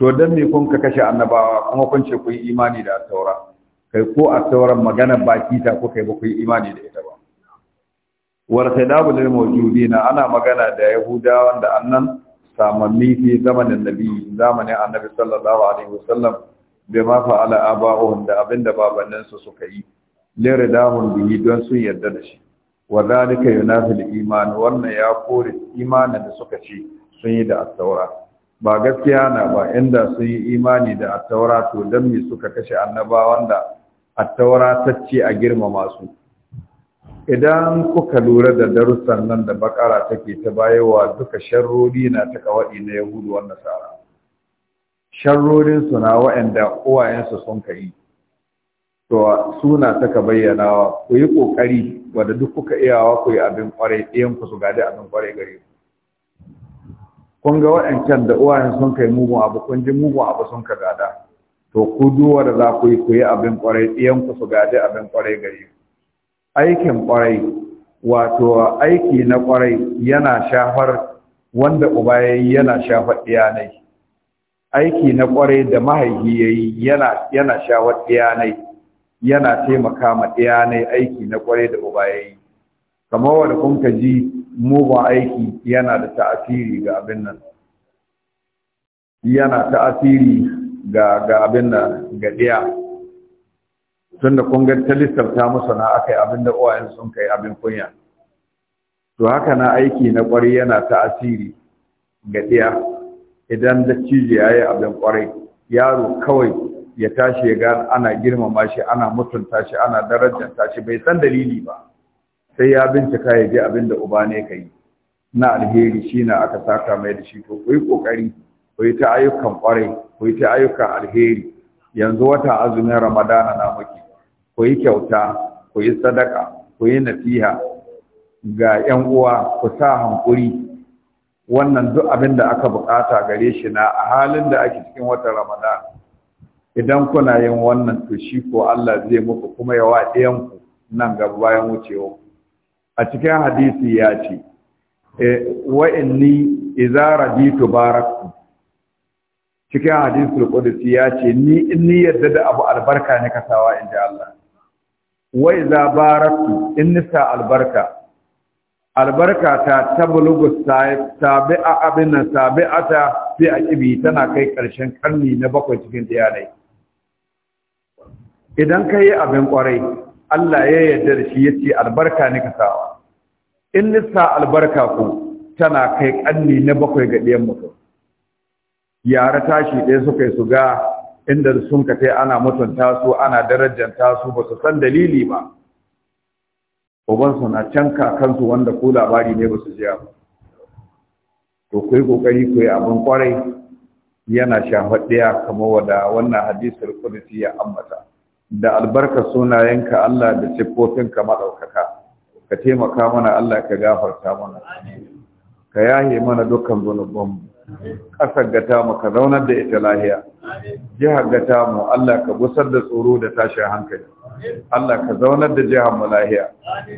to dan me kun ka kashe annabawa kuma kun ce ku yi imani da taura kai ko ataura magana baki ta ku kai ba ku yi imani da ita ba war khidab lil mawjudina ana magana da yahudawan da annan samanni fi zamanin nabi zamanin annabi sallallahu alaihi wasallam ma fa'ala aba'uhum da abinda babanansu suka yi lirdahum bihi don sun yarda da shi wa zalika yunafil iman wannan ya kore imanin da suka ce sun yi da attaura ba gaskiya na ba inda sun yi imani da attaura to dan me suka kashe annabawan da attaura ta ce a girmama su idan kuka lura da darussan nan da bakara take ta bayowa duka sharrori na ta kawadi na yahudu wannan sara sharrodin su na wa'anda uwayensu sun kai to suna saka bayyana ku yi kokari wanda duk kuka iyawa ku yi abin kwarai ɗayan ku su gadi abin kwarai gare ku kun ga waɗancan da uwayen sun kai mugun abu kun ji mugun abu sun ka gada to ku duwa da za ku yi ku yi abin kwarai ɗayan ku su gadi abin kwarai gare ku aikin kwarai wato aiki na kwarai yana shafar wanda uba yayi yana shafar ɗiyanai aiki na kwarai da mahaifi yayi yana yana shawar ɗiyanai yana taimaka ma ɗaya na aiki na kwarai da uba ya yi kamar wanda kun ka ji mugun aiki yana da ta'asiri ga abin nan yana ta'asiri ga ga abin nan ga ɗaya tunda kun ga ta lissafta musu na aka yi abin da uwayen sun kai abin kunya to haka na aiki na kwarai yana ta'asiri ga ɗaya idan da cije ya yi abin kwarai yaro kawai ya tashi ya ga ana girmama shi ana mutunta shi ana darajanta shi bai san dalili ba sai ya bincika ya ji abin da uba ne ka yi na alheri shi na aka saka mai da shi to ku yi ƙoƙari ku yi ta ayyukan ƙwarai ku yi ta ayyukan alheri yanzu wata azumin ramadana na muke ku kyauta ku sadaka ku nasiha ga 'yan uwa ku sa hankuri wannan duk abin da aka bukata gare shi na a halin da ake cikin watan Ramadana. idan kuna yin wannan to shi ko Allah zai muku kuma ya wa ku nan gaba bayan wucewa a cikin hadisi ya ce eh, wa inni idza raditu baraktu cikin hadisul qudsi ya ce ni in ni yadda da abu albarka ne kasawa in ji Allah wa idza baraktu in nisa albarka albarka ta tablugu tabi'a abin tabi'ata fi aqibi tana kai karshen karni na bakwai cikin iyalai. idan ka yi abin ƙwarai, Allah ya yarda da shi ya ce albarka ni ka sawa in nisa albarka ku tana kai ƙanni na bakwai ga ɗiyan mutum yara tashi ɗaya suka yi su ga inda sun ka kai ana mutunta su ana darajanta su ba su san dalili ba ubansu na can kakansu wanda ko labari ne ba su jiya ba to ku yi ƙoƙari ku yi abin ƙwarai, yana shafaɗɗiya kamar wada wannan hadisar kudusi ya ambata da albarka sunayenka Allah da siffofinka maɗaukaka ka taimaka mana Allah ka gafarta mana ka yahe mana dukkan zunubanmu ƙasar gata mu ka zaunar da ita lahiya jihar gata mu Allah ka gusar da tsoro da tashin hankali Allah ka zaunar da jihar mu lahiya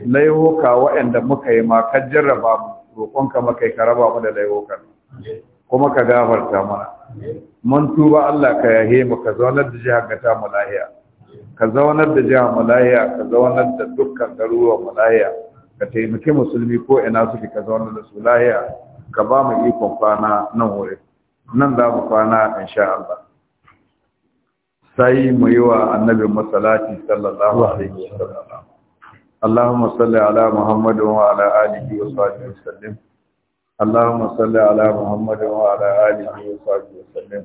laihoka waɗanda muka yi ma ka jarraba mu roƙonka ka raba mu da laihokan kuma ka gafarta mana mun tuba Allah ka yahe mu ka zaunar da jihar gata mu lahiya ka zaunar da jiha malaya ka zaunar da dukkan garuruwan malaya ka taimaki musulmi ko ina suke ka zaunar da su lahiya ka ba mu ikon kwana nan wuri nan za mu kwana sha Allah sai mu yi wa annabin masalati sallallahu alaihi wa Allahumma اللهم ala على محمد وعلى اله وصحبه وسلم اللهم صل على محمد وعلى اله وصحبه وسلم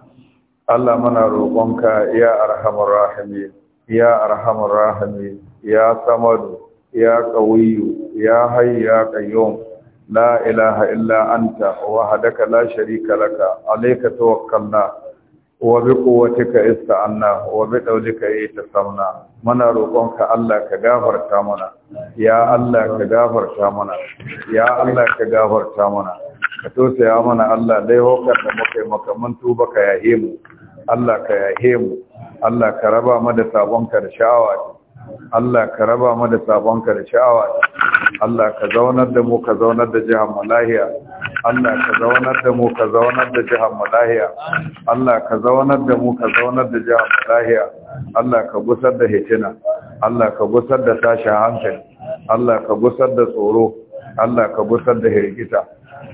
Allah muna roƙonka ya arhamar rahimin ya arhamar ya samadu ya ƙawiyu, ya hayyu ya qayyum la ilaha illa anta wahdaka la sharika laka alayka tawakkalna wa bi quwwatika ista'anna wa bi dawlika itasamna muna roƙonka Allah ka gafarta mana ya Allah ka gafarta mana ya Allah ka gafarta mana ka tausaya mana Allah dai hokar da maka mun tuba ka yahe mu Allah ka yahe mu Allah ka raba mu da sabonka da sha'awa Allah ka raba mu da sabonka da sha'awa Allah ka zaunar da mu ka zaunar da jihar malahiya, lahiya Allah ka zaunar da mu ka zaunar da jihar malahiya, lahiya Allah ka zaunar da mu ka zaunar da jihar malahiya, lahiya Allah ka gusar da hitina Allah ka gusar da tashin hankali Allah ka gusar da tsoro Allah ka gusar da hirgita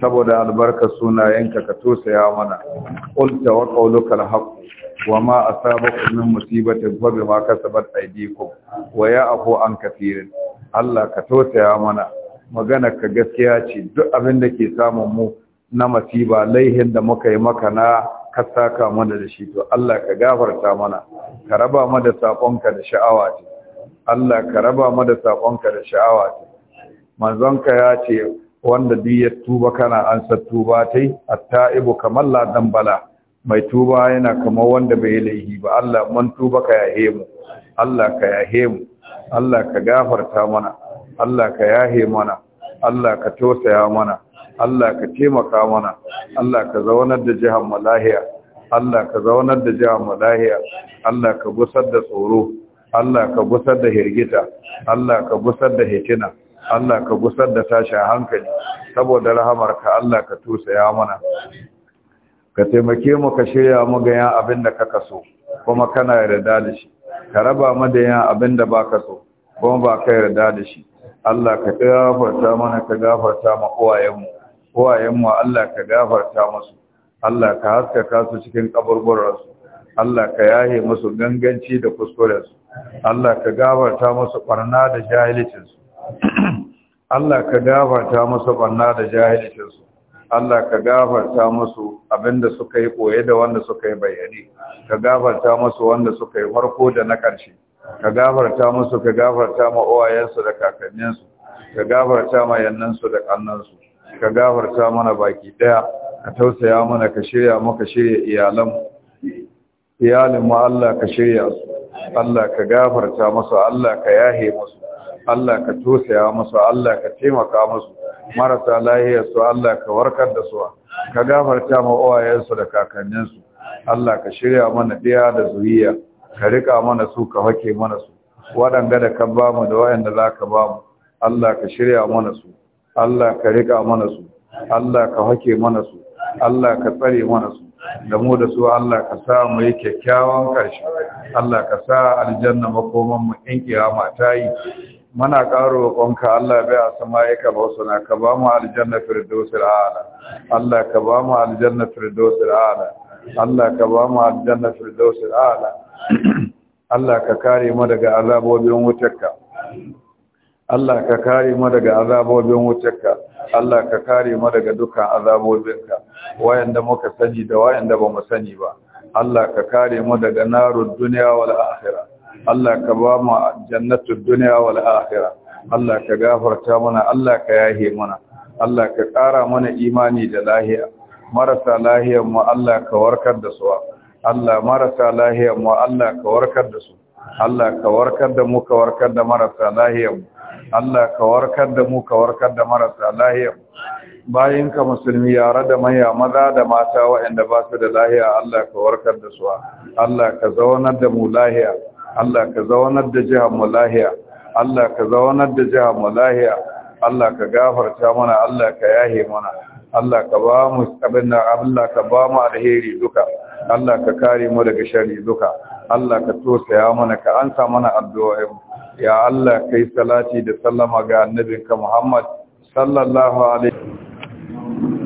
saboda albarkar sunayenka ka tosaya mana qulta wa qawluka alhaq wa ma asabakum min musibatin fa bima kasabat aydikum wa ya'fu an kathir Allah ka tosaya mana magana ka gaskiya ce duk abin da ke samun mu na masiba laihin da muka yi maka na ka saka mana da shi to Allah ka gafarta mana ka raba mu da sakonka da sha'awa Allah ka raba mu da sakonka da sha'awa ce manzonka ya ce wanda duk ya tuba kana an sa tuba tai at-ta'ibu kamar ladan Bala. mai tuba yana kamar wanda bai yi laifi ba Allah mun tuba ka yahe mu Allah ka yahe mu Allah ka gafarta mana Allah ka yahe mana Allah ka tausaya mana Allah ka taimaka mana Allah ka zaunar da jihar mu Allah ka zaunar da jihar malahiya Allah ka gusar da tsoro Allah ka gusar da hirgita Allah ka gusar da hitina Allah ka gusar da tashi hankali saboda rahamarka Allah ka ya mana ka taimake mu ka shirya mu ga yan abin da kaka so kuma kana yarda da shi ka raba mu da yan abin da baka so kuma ba ka yarda da shi Allah ka gafarta mana ka gafarta ma uwayenmu uwayenmu Allah ka gafarta musu Allah ka haskaka su cikin kaburburarsu Allah ka yahe musu ganganci da kuskurensu Allah ka gafarta musu barna da jahilcinsu Allah ka gafarta musu banna da jahilcinsu Allah ka gafarta musu abinda suka yi koye da wanda suka yi bayani ka gafarta musu wanda suka yi farko da na ƙarshe ka gafarta musu ka gafarta ma uwayensu da kakanninsu ka gafarta ma yannansu da kannansu ka gafarta mana baki daya ka tausaya mana ka shirya maka shirya iyalan iyalin mu Allah ka shirya su Allah ka gafarta musu Allah ka yahe musu Allah ka tosaya musu Allah ka taimaka musu marasa lahiya su Allah ka warkar da su ka gafarta ma uwayensu da kakanninsu Allah ka shirya mana ɗaya da zuriya ka rika mana su ka hake mana su waɗanda da ka ba mu da waɗanda za ka ba mu Allah ka shirya mana su Allah ka rika mana su Allah ka hake mana su Allah ka tsare mana su da mu da su Allah ka sa mu yi kyakkyawan ƙarshe Allah ka sa aljanna makoman mu in kiyama ta yi muna ƙaro ƙonka Allah bai a sama ya ka suna ka ba mu aljanna firdausar a'la Allah ka ba mu aljanna firdausar a'la Allah ka ba mu aljanna firdausar a'la Allah ka kare mu daga azabobin wutarka Allah ka kare mu daga azabobin wutarka Allah ka kare mu daga dukkan azabobinka wayanda muka sani da wayanda ba mu sani ba Allah ka kare mu daga narud duniya wal akhirah Allah ka ba mu jannatul dunya wal akhirah Allah ka gafarta mana Allah ka yahe mana Allah ka ƙara mana imani da lahiya marasa lahiyar mu Allah ka warkar da su Allah marasa lahiyar mu Allah ka warkar da su Allah ka warkar da mu ka warkar da marasa lahiyar mu Allah ka warkar da mu ka warkar da marasa lahiyar bayin ka musulmi yare da maya maza da mata waɗanda ba su da lahiya Allah ka warkar da su Allah ka zaunar da mu lahiya Allah ka zaunar da jihar mu lahiya Allah ka zaunar da jihar mu lahiya Allah ka gafarta mana Allah ka yahe mana Allah ka ba mu abinda Allah ka ba mu alheri duka Allah ka kare mu daga sharri duka Allah ka tosaya mana ka ansa mana addu'o'in ya Allah kai salati da sallama ga annabinka Muhammad sallallahu alaihi